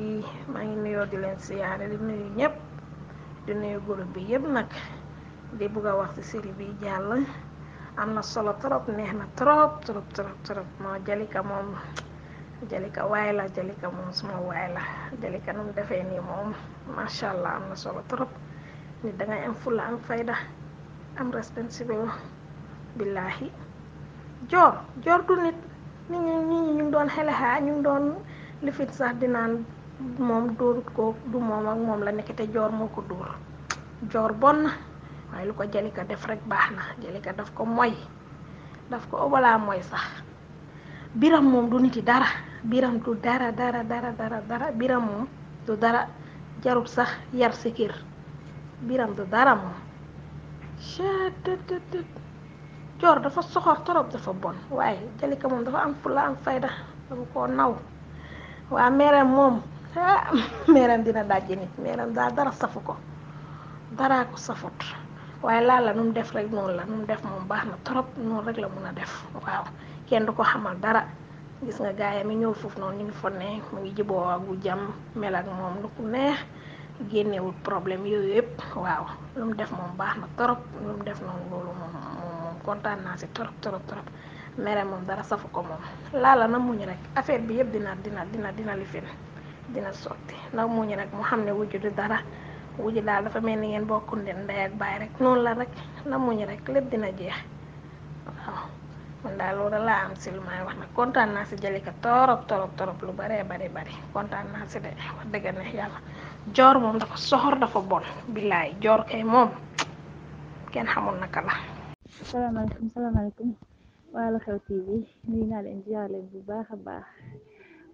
maa ngi nuyoo di leen siyaare di nuyu ñëpp di nuyu groupe bi yëpp nag di bugg a wax ci série bi jàll am na solo trop neex na trop trop trop trop moo Jalika moom. Jalika waay la Jalika moom suma waay la Jalika nu mu defee nii moom macha allah am na solo trop nit dangay am fulla am fayda am responsable billaahi joor joor du nit nit ñi ñu doon xelexaa ñu ngi doon lifit sax dinaan moom dóorut ko du moom ak moom la nekk te joor moo ko dóor joor bon na waaye lu ko Jalika def rek baax na Jalika daf ko moy daf ko obalaa moy sax biram moom du niti dara biram du dara dara dara dara biram moom du dara jarul sax yar sikir biram du dara moom cettt dafa soxor torop dafa bon waaye jalika moom dafa am fulla am fayda dafa ko naw waa meeram moom ah, meeram dina dajji nit meeram daal dara safu ko daraa ko safut waaye laala nu mu def rek noonu la nu def moom baax na torop noonu rek la mun a def waaw kenn du ko xamal dara gis nga gaayam yi ñëw foofu noonu ñu ngi fonne mu ngi jiboo ak wu jam mel ak moom lu ku neex génnewul problème yooyu yëpp waaw lu mu def moom baax na torop lu mu def noonu naa si torop torop torop mere moom dara safu ko moom laala na muñu rek affaire bi yëpp dina dina dina dina lifin dina sotti na muñu rek mu xam ne wujju du dara wujju daal dafa mel ni ngeen bokkunde ndey baay rek noonu la rek na muñu rek lépp dina jeex waaw man daal loolu laa am si lu may wax nag kontaan naa si Jalika torop torop torop lu baree bari bari kontaan naa si de wax joor moom dafa soxor dafa bon billaay joor kay moom kenn xamul naka la. salaamaaleykum salaamaaleykum waa Lu naa bu baax a baax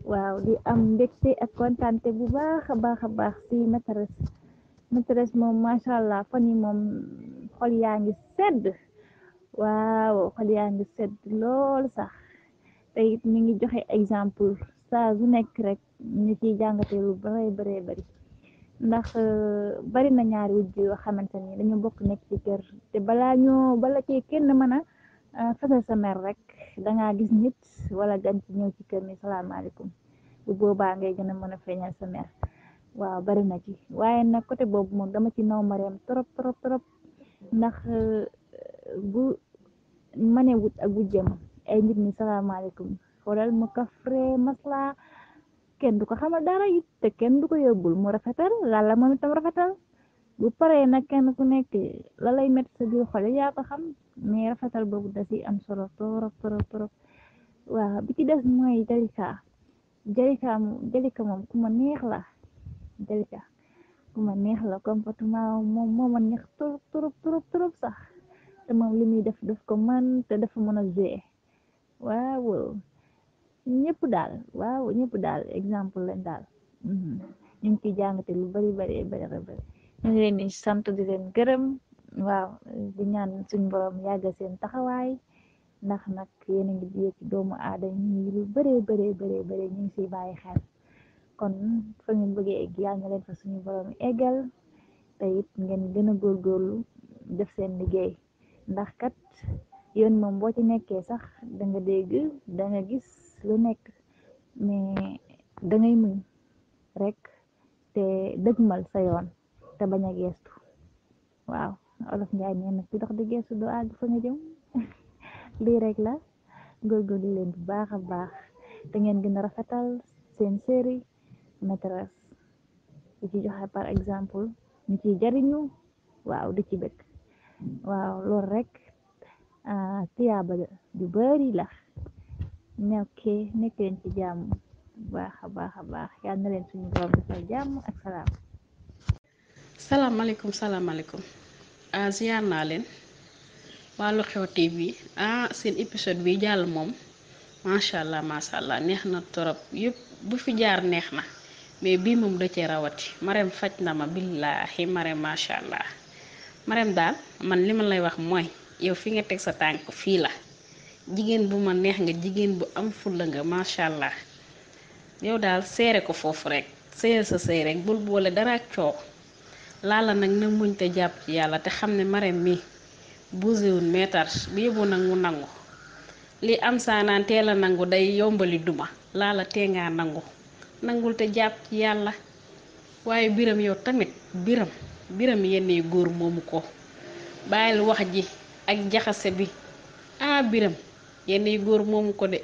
waaw di am si ak kontaante bu baax a baax a baax si maîtresse maîtresse moom macha allah fan yi moom xol yaa ngi sedd. waaw xol yaa ngi sedd lool sax te it ñu ngi joxe exemple saa su nekk rek ñu ciy jàngate lu bare bare bari ndax euh, bari na ñaari wujj yoo xamante ni dañu bokk nekk ci kër te balaa ñoo bala ci kenn mën a euh, fasal sa mer rek dangaa gis nit wala gan ci ñëw ci kër ni salaamaaleykum bu boobaa ngay gën a mën a feeñal sa mer waaw bari na ci waaye nag côté boobu moom dama ci naw mareem trop trop trop ndax euh, gu mane ak gu jëm ay nit ni salaamaaleykum xoolal mu kafre masla kenn du ko xamal dara it te kenn du ko yóbbul mu rafetal lalla moom itam rafetal bu pare nag kenn ku nekk la lay métti sa biir xol rafetal boobu da am solo torop torop torop waaw bi ci des mooy jalika jalika moom jalika moom neex la jalika ku ma neex la comportement ma neex torop torop torop torop sax te moom li muy def daf ko mën te dafa mën a jouer waaw ñëpp daal waaw ñëpp daal exemple lañ daal mhm. ñu ngi ciy jàngate lu bari bari bari bari ñu di sant di leen gërëm waaw di ñaan suñ borom yàgga seen taxawaay ndax nag yéen a ngi di ci doomu aada ñi lu bëree bëree bëree ñu ngi siy bàyyi xel kon fa ngeen bëggee egg fa suñu borom eggal te it ngeen gën a góorgóorlu def seen liggéey ndax kat yoon moom boo ci nekkee sax da nga dégg da gis lu nekk mais da ngay muñ rek te dëgmal sa yoon te bañ a geestu waaw olof njaay nee nag ci dox di geestu doo àgg fa nga jëm lii rek la góorgóorlu leen bu baax a baax te ngeen gën a rafetal seen série maîtresse di ci joxe par exemple ñu ciy jariñu waaw di ci bëgg waaw loolu rek ah, tiyaaba ju bari la nekke nekk leen ci jàmm baax a baax a baax yal na leen suñu borom defal jàmm ak salaam salaamaaleykum salaamaaleykum ah ziar naa leen waa Lu Xew TV ah seen épisode bi jàll moom macha allah macha allah neex na torop yëpp bu fi jaar neex na mais bii moom da cee rawati Marème faj na ma billaahi Marème macha allah. Marème daal man li ma lay wax mooy yow fi nga teg sa tànk fii la jigéen bu ma neex nga jigéen bu am fulla nga macha allah yow daal seere ko foofu rekk seere sa sëy rek bul boole dara ak coow laala nag na muñ te jàpp ci yàlla te xam ne Marème mi buséwul meetar bi yeboon nag mu nangu li am saanaan a nangu day yombali duma laala tee ngaa nangu nangul te jàpp ci yàlla waaye biram yow tamit biram biram yenn góor moomu ko bàyyil wax ji ak jaxase bi ah biram yenn góor moomu ko de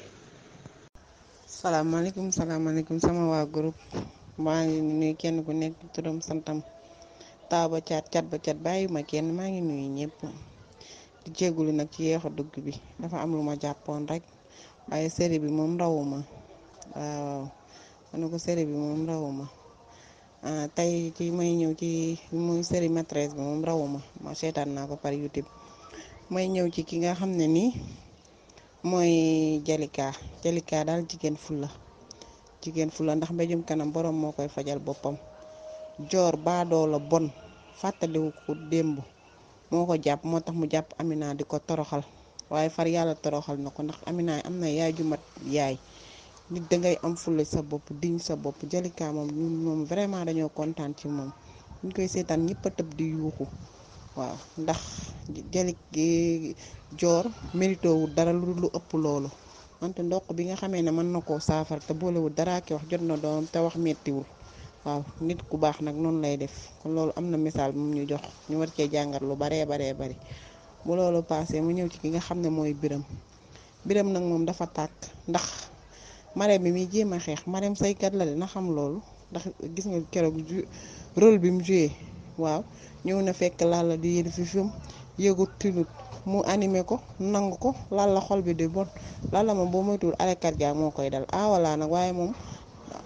salaamaaleykum salaamaaleykum sama waa groupe maa ngi nuyu kenn ku nekk turam santam taaw ba cat ba cat bàyyi ma kenn maa ngi nuyu ñëpp di jégalu nag ci yeexu dugg bi dafa am lu ma jàppoon rek waaye série bi moom rawuma waaw ma ne ko série bi moom rawuma Ah, tey ci may ñëw ci muy série maîtresse bi moom rawuma ma seetaan naa ko par YouTube may ñëw ci ki nga xam ne nii mooy Jalika Jalika daal jigéen fulla jigéen fulla ndax mbéjum kanam boroom moo koy fajal boppam joor baadoo la bon fàttaliwu ko démb moo ko jàpp moo tax mu jàpp Amina di ko toroxal waaye far yàlla toroxal na ko ndax Amina am na yaay jumat yaay nit da ngay am fulla sa bopp diñ sa bopp Jalika moom ñun moom vraiment dañoo kontaan ci moom ñu koy seetaan ñëpp a tëb di yuuxu waaw ndax Jalik joor mérito dara lu ëpp loolu wante ndox bi nga xamee ne mën na koo saafara te boolewul daraa ki wax jot na doom te wax mettiwul waaw nit ku baax nag noonu lay def kon loolu am na misaal moom ñu jox ñu war cee jàngat lu baree baree bari mu loolu paasee mu ñëw ci ki nga xam ne mooy biram biram nag moom dafa tàkk ndax. Marème bi muy jéem a xeex Marème saykat la na xam loolu ndax gis nga keroog ju rôle bi mu joué waaw ñëw na fekk Lalla di yéen fi fim yëgut tilut mu animé ko nangu ko Lalla xol bi di bon Lalla moom boo moytuwul arrêt cardiaque moo koy dal aawalaa nag waaye moom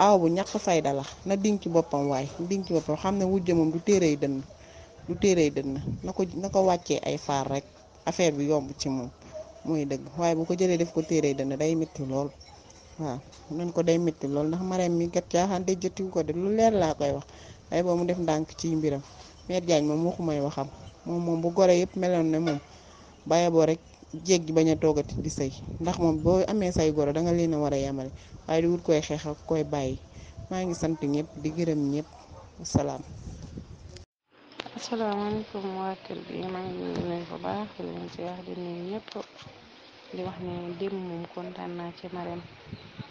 aaw bu ñàkk fayda la na ding ci boppam waay ding ci boppam xam ne wujje moom du téerey dënn du téerey dënn na ko na ko wàccee ay faar rek affaire bi yomb ci moom mooy dëgg waaye bu ko jëlee def ko téerey dënn day métti lool waaw nan ko day metti loolu ndax Marème mi kat caaxaan de jëtiwu ko de lu leer laa koy wax ay boo mu def ndànk ciy mbiram Mère jaañ moom waxu may waxam moom moom bu goro yëpp meloon ne moom bàyyi boo rek jéeg ji bañ a toogati di sëy ndax moom boo amee say goro danga leen a war a yemale waaye di wut koy xeex koy bàyyi maa ngi sant ñëpp di gërëm ñëpp salaam. asalaamaaleykum waa kër gi si wax di nuyu ñëpp di wax ne démb moom kontaan naa ci Marème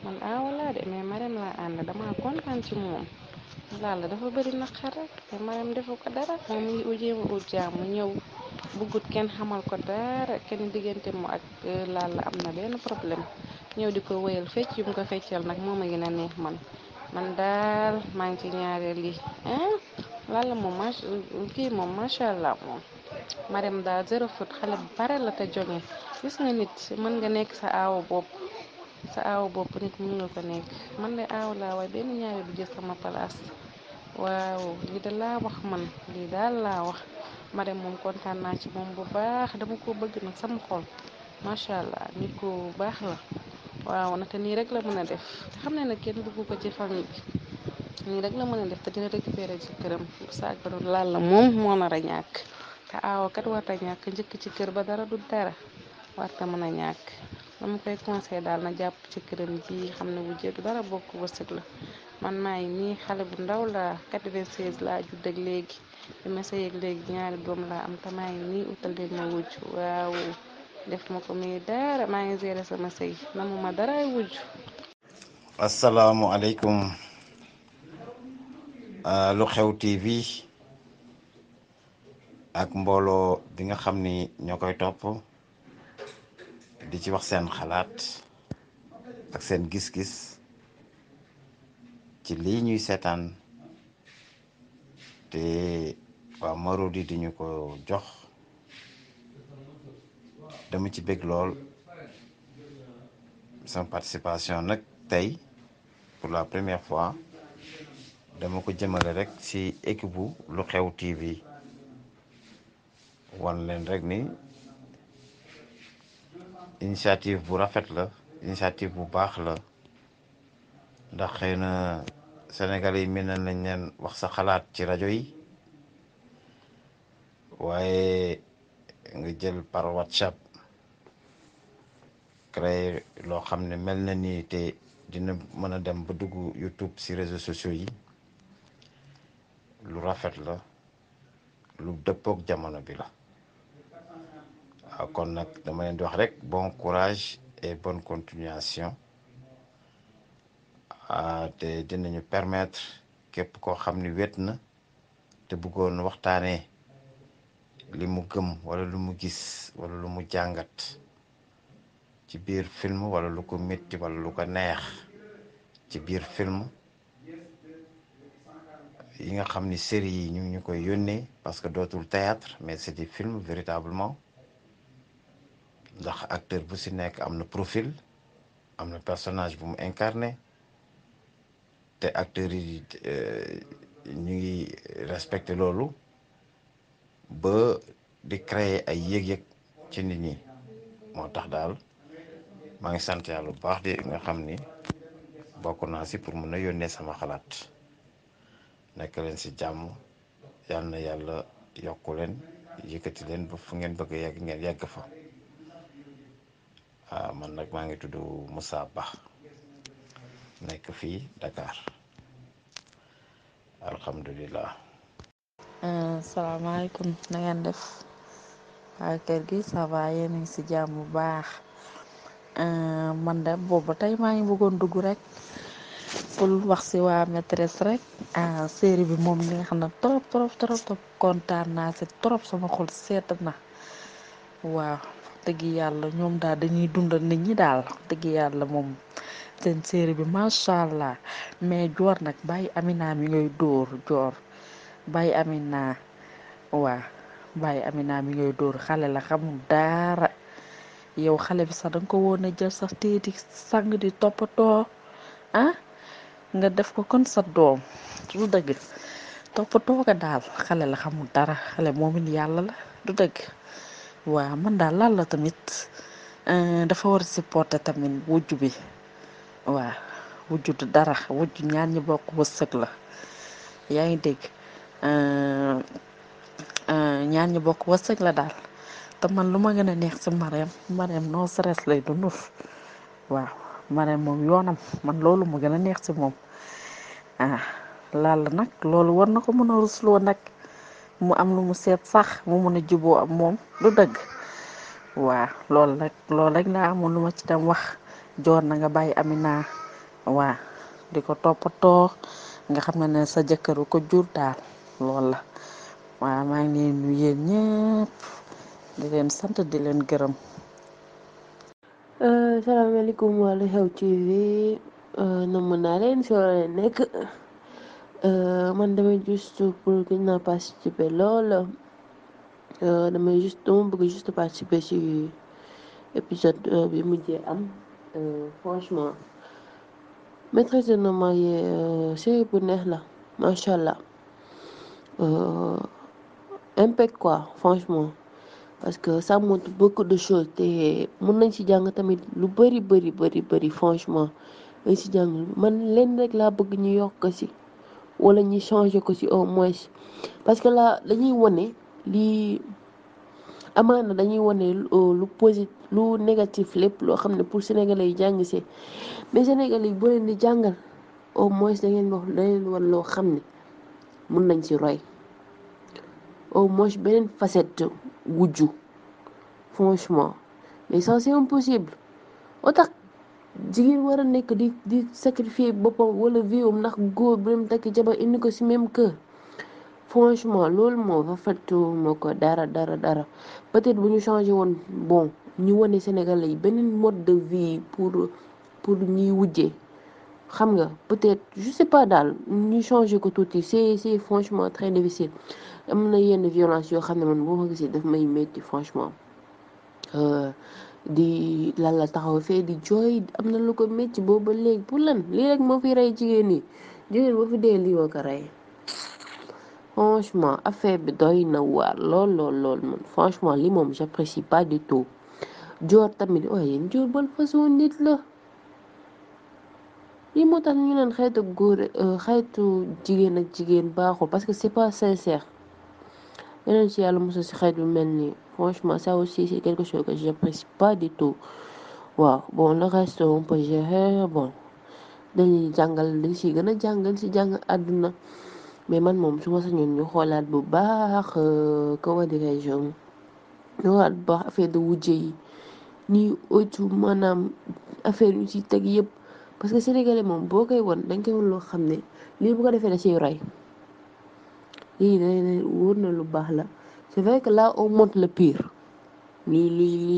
man aawalaa ah, de mais Marème laa ànd dama kontaan ci moom Lalla dafa bëri naqar rek te Marème defu ko dara moom ñëw buggut kenn xamal ko dara kenn diggante mu ak euh, la am na benn problème ñëw di ko wéyal fecc yu mu ko feccal nag moom a gën a neex man man daal maa ngi ci ñaareel yi ah, Lalla moom ma kii moom macha allah moom Marème daal zéro foot xale bu pare la te joŋe gis nga nit mën nga nekk sa aawo bopp sa aaw bopp nit mënul ko nekk man de aaw laa waaye benn ñaawe bu jël sama palaas waaw lii da laa wax man lii daal laa wax ma dem moom kontaan naa ci moom bu baax dama ko bëgg nag sama xol macha allah nit ku baax la waaw naka nii rek la mën a def te xam ne nag kenn bëggu ko ci famille bi nii rek la mën a def te dina récupéré ci këram saag laal la moom moo nar a ñàkk te aawakat warta ñàkk njëkk ci kër ba dara du dara warta mën a ñàkk dama koy conseil daal na jàpp ci këram ji xam ne bu jëkk dara bokk wërsëg la man maa ngi nii xale bu ndaw la 96 laa judd ak léegi bi ma sëyeeg léegi ñaari doom laa am te maa ngi nii utal leen ma wujj waaw def ma ko muy dara maa ngi gérer sama sëy namu ma daray wujj asalaamualeykum ah, lu xew tv ak mbooloo bi nga xam ni ñoo koy topp di ci wax seen xalaat ak seen gis-gis ci lii ñuy seetaan te waa Marodi di ñu ko jox dama ci bëgg lool sama participation nag tey pour la première fois dama ko jëmmale rek ci équipe Lu Xew TV wan leen rek ni initiative bu rafet la initiative bu baax la ndax xëy na sénégalais yi mën nañ leen wax sa xalaat ci rajo yi waaye nga jël par whatsapp créer loo xam ne mel na ni te dina mën a dem ba dugg youtube si réseaux sociaux yi lu rafet la lu dëppook jamono bi la waaw kon nag dama leen di wax rek bon courage et bonne continuation ah, te dinañu permettre képp koo xam ni wét na te bëggoon waxtaanee limu mu gëm wala lu gis wala lu mu jàngat ci biir film wala lu ko métti wala lu neex ci biir film yi nga xam ni série yi ñu ngi ñu koy yónnee parce que dootul théâtre mais c'est des films véritablement ndax acteur bu si nekk am na profil am na personnage bu mu incarné te acteurs yi euh, ñu ngi respecté loolu ba di créer ay yëg-yëg ci nit ñi moo tax daal maa ngi sant yàlla bu baax de nga xam ni bokk naa si pour mun a yónnee sama xalaat nekk leen si jàmm yal na yàlla yokku leen yëkkati leen ba fu ngeen bëgg a ngeen yegg fa. waaw ah, man nag maa ngi tudd Moussa Ba nekk fii Dakar alhamdulilah. Ah, salaamaaleykum na ngeen def waa kër gi ça va a ngi si jàmm bu baax ah, man de boobu tey maa ngi bëggoon dugg rek pour wax si waa maîtresse rek ah série bi moom li nga xam ne trop trop trop trop kontaan naa si trop sama xol seet na waaw. dëgg yàlla ñoom daal dañuy dundal nit ñi daal wax dëgg yàlla moom seen série bi macha allah mais joor nag bàyyi Amina mi ngay dóor joor bàyyi Amina waa bàyyi Amina mi ngay dóor xale la xamu daara yow xale bi sax danga ko woon a jël sax téeti sang di toppatoo ah nga def ko kon sa doom du dëgg toppatoo ko daal xale la xamul dara xale moomit yàlla la du dëgg waaw man daal laal la tamit euh, dafa war a supporter tamit wujj bi waaw wujj du dara wujj ñaar ñi bokk wërsëg la yaa ngi dégg euh, euh, ñaar ñi bokk wërsëg la daal te man lu ma gën a neex ci Marème mareem non stress lay dund waaw Marème moom yoonam man loolu ma gën a neex ci moom ah nag loolu war na ko mën a rusloo nag. mu am lu mu seet sax mu mën a juboo am moom du dëgg waa lool nag loolu rek laa amoon lu ma ci dem wax joor na nga bàyyi Amina waa di ko toppatoo nga xam ne sa jëkkëru ko jur daal loolu la waaw maa ngi leen nuyu yéen di leen sant di leen gërëm. Euh, salaamaaleykum wàllu xew TV euh, namm naa leen soo leen man damay juste pour gën naa participer lool damay juste dama bëgg juste participer ci épisode bi mujjee am franchement maîtresse d'un homme marié série bu neex la macha allah impact quoi franchement parce que ça montre beaucoup de choses te mën nañ ci jàng tamit lu bëri bëri bëri bëri franchement nañ ci jàng man leen rek laa bëgg ñu yokk ci. wala ñi changer ko ci au moins parce que là dañuy wane lii amaana dañuy wane lu euh, positif lu négatif lépp loo xam ne pour sénégalais yi jàng see mais sénégalais yi bu leen di jàngal au moins da ngeen wax da loo xam ne mun nañ ci roy au moins beneen facette wujju franchement mais ça c'est impossible otak jigéen war a nekk di di sacrifier boppam wala viwam ndax góor bu dem takki jabar indi ko si même kër franchement loolu moo rafetlu ma ko dara dara dara peut-être bu ñu changé woon bon ñu wane Sénégalais yi beneen mode de vie pour pour ñuy wujjee xam nga peut-être je sais pas daal ñu changé ko tuuti c'est c'est franchement très difficile am na yenn violence yoo xam ne man boo ma gisee daf may métti franchement. Euh, di lan la taxaw fee di jooy am na lu ko metti booba léegi pour lan lii rek moo fi rey jigéen ñi jigéen boo fi dee lii woo ko rey franchement affaire bi doy na waar lool lool man franchement li moom j'apprécie pas du tout joor tamit waaye oh, yéen joor ban façon nit la lii moo tax ñu naan xeetu góor euh, xeetu jigéen ak jigéen baaxul parce que c'est pas sincère yeneen ci yàlla mosul si xeet bu mel nii Franchement, ça aussi, c'est quelque chose que j'apprécie pas du tout. waaw bon le reste on peut gérer bon dañuy jàngal li si gën a jàngal si jàng àdduna mais man moom su ma sañoon ñu xoolaat bu baax euh, comment dirais-je ñu ni bu baax affaire de wujje yi nii ocu maanaam affaire yu si teg yëpp parce que sénégalais moom boo koy won dañ koy won loo xam ne lii bu ko defee da siy rey lii da na lu baax la c'est vrai que là on montre le pire lu li li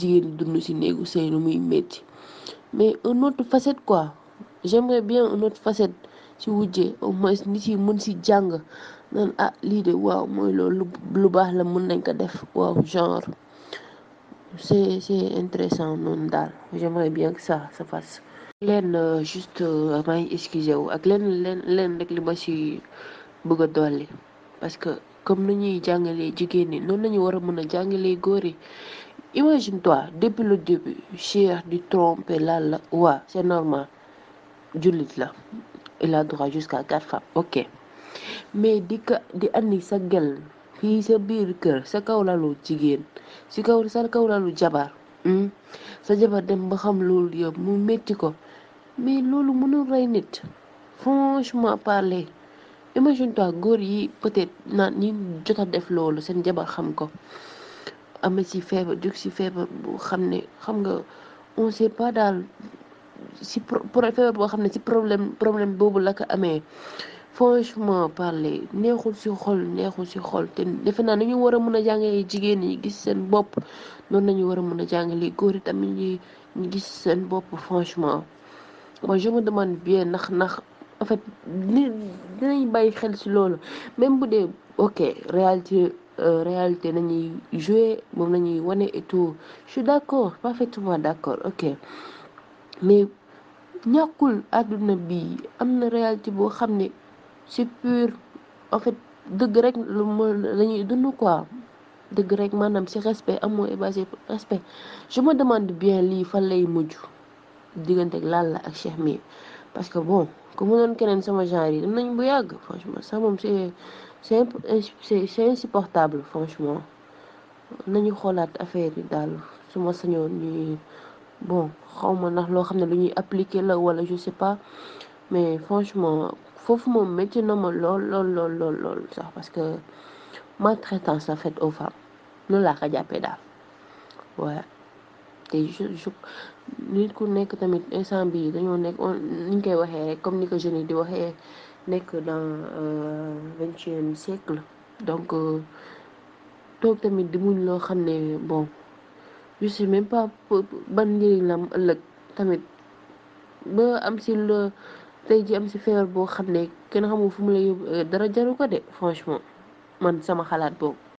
jigéen dund ci néegu sëy lu muy métti mais un autre facette quoi j'aimerais bien une autre facette ci wujje au moins ni yi mën ci jàng naan ah lii de waaw mooy loolu lu baax la mën nañ ko def waaw genre c'est c'est intéressant noonu daal j'aimerais bien que ça se fasse leen euh, juste maa ngi excusé wu ak leen leen leen rek li ma ci bëgg a dolli parce que comme ni ñuy jàngalee jigéen ñi noonu lañu war a mën a jàngalee góor yi imagine-toi depuis le début Cheikh di tromper Lalla waa c'est normal jullit la il a droit jusqu'à quatre femmes ok mais di ka di andi sa gel fii sa biir kër sa kaw jigéen si kaw sa kaw jabar hmm? sa jabar dem ba xam loolu yëpp mu métti ko mais loolu mënul rey nit franchement parler imagine toi góor yi peut-être naan ñi jot a def loolu seen jabar xam ko amee si feebar jóg si feebar bu xam ne xam nga on sait pas daal si feebar boo xam ne ci problème problème boobu la ko amee franchement parler neexul si xol neexul si xol te defe naa ni ñu war a mën a jàngalee jigéen ñi gis seen bopp noonu nañu war a mën a jàngalee góor yi tamit ñu gis seen bopp franchement moi je demande bien ndax ndax en fait li dinañ bàyyi xel si loolu même bu dee ok réalité euh, réalité nañu jouer moom nañuy wane et tout je suis d'accord parfaitement d'accord ok mais ñàkkul àdduna bi am na réalité boo xam ne c'est pur en fait dëgg rek lu mo lañuy dund quoi dëgg rek maanaam si respect amoo basé respect je me demande bien lii fan lay mujj diggante ak la ak Cheikh mi parce que bon ku mu doon keneen sama genre yi nañ bu yàgg franchement sax moom c'est c'est c'est insupportable franchement nañu xoolaat affaire yi daal su ma sañoon ñuy bon xaw ma ndax loo xam ne lu ñuy appliquer la wala je sais pas mais franchement foofu moom métti na ma lool lool lool lool lool sax parce que maltraitance la faite aux femmes loolu laa ko jàppee daal nit ku nekk tamit instant bi dañoo nekk niñ koy waxee rek comme ni ko jeunes yi di waxee nekk dans euh, vingtième siècle donc euh, toog tamit di muñ loo xam ne bon je sais même pas ban njëriñ la ëllëg tamit ba am si la tey ji am si feebar boo xam ne kenn xamul fu mu lay yóbbu dara jaru ko de franchement man sama xalaat boobu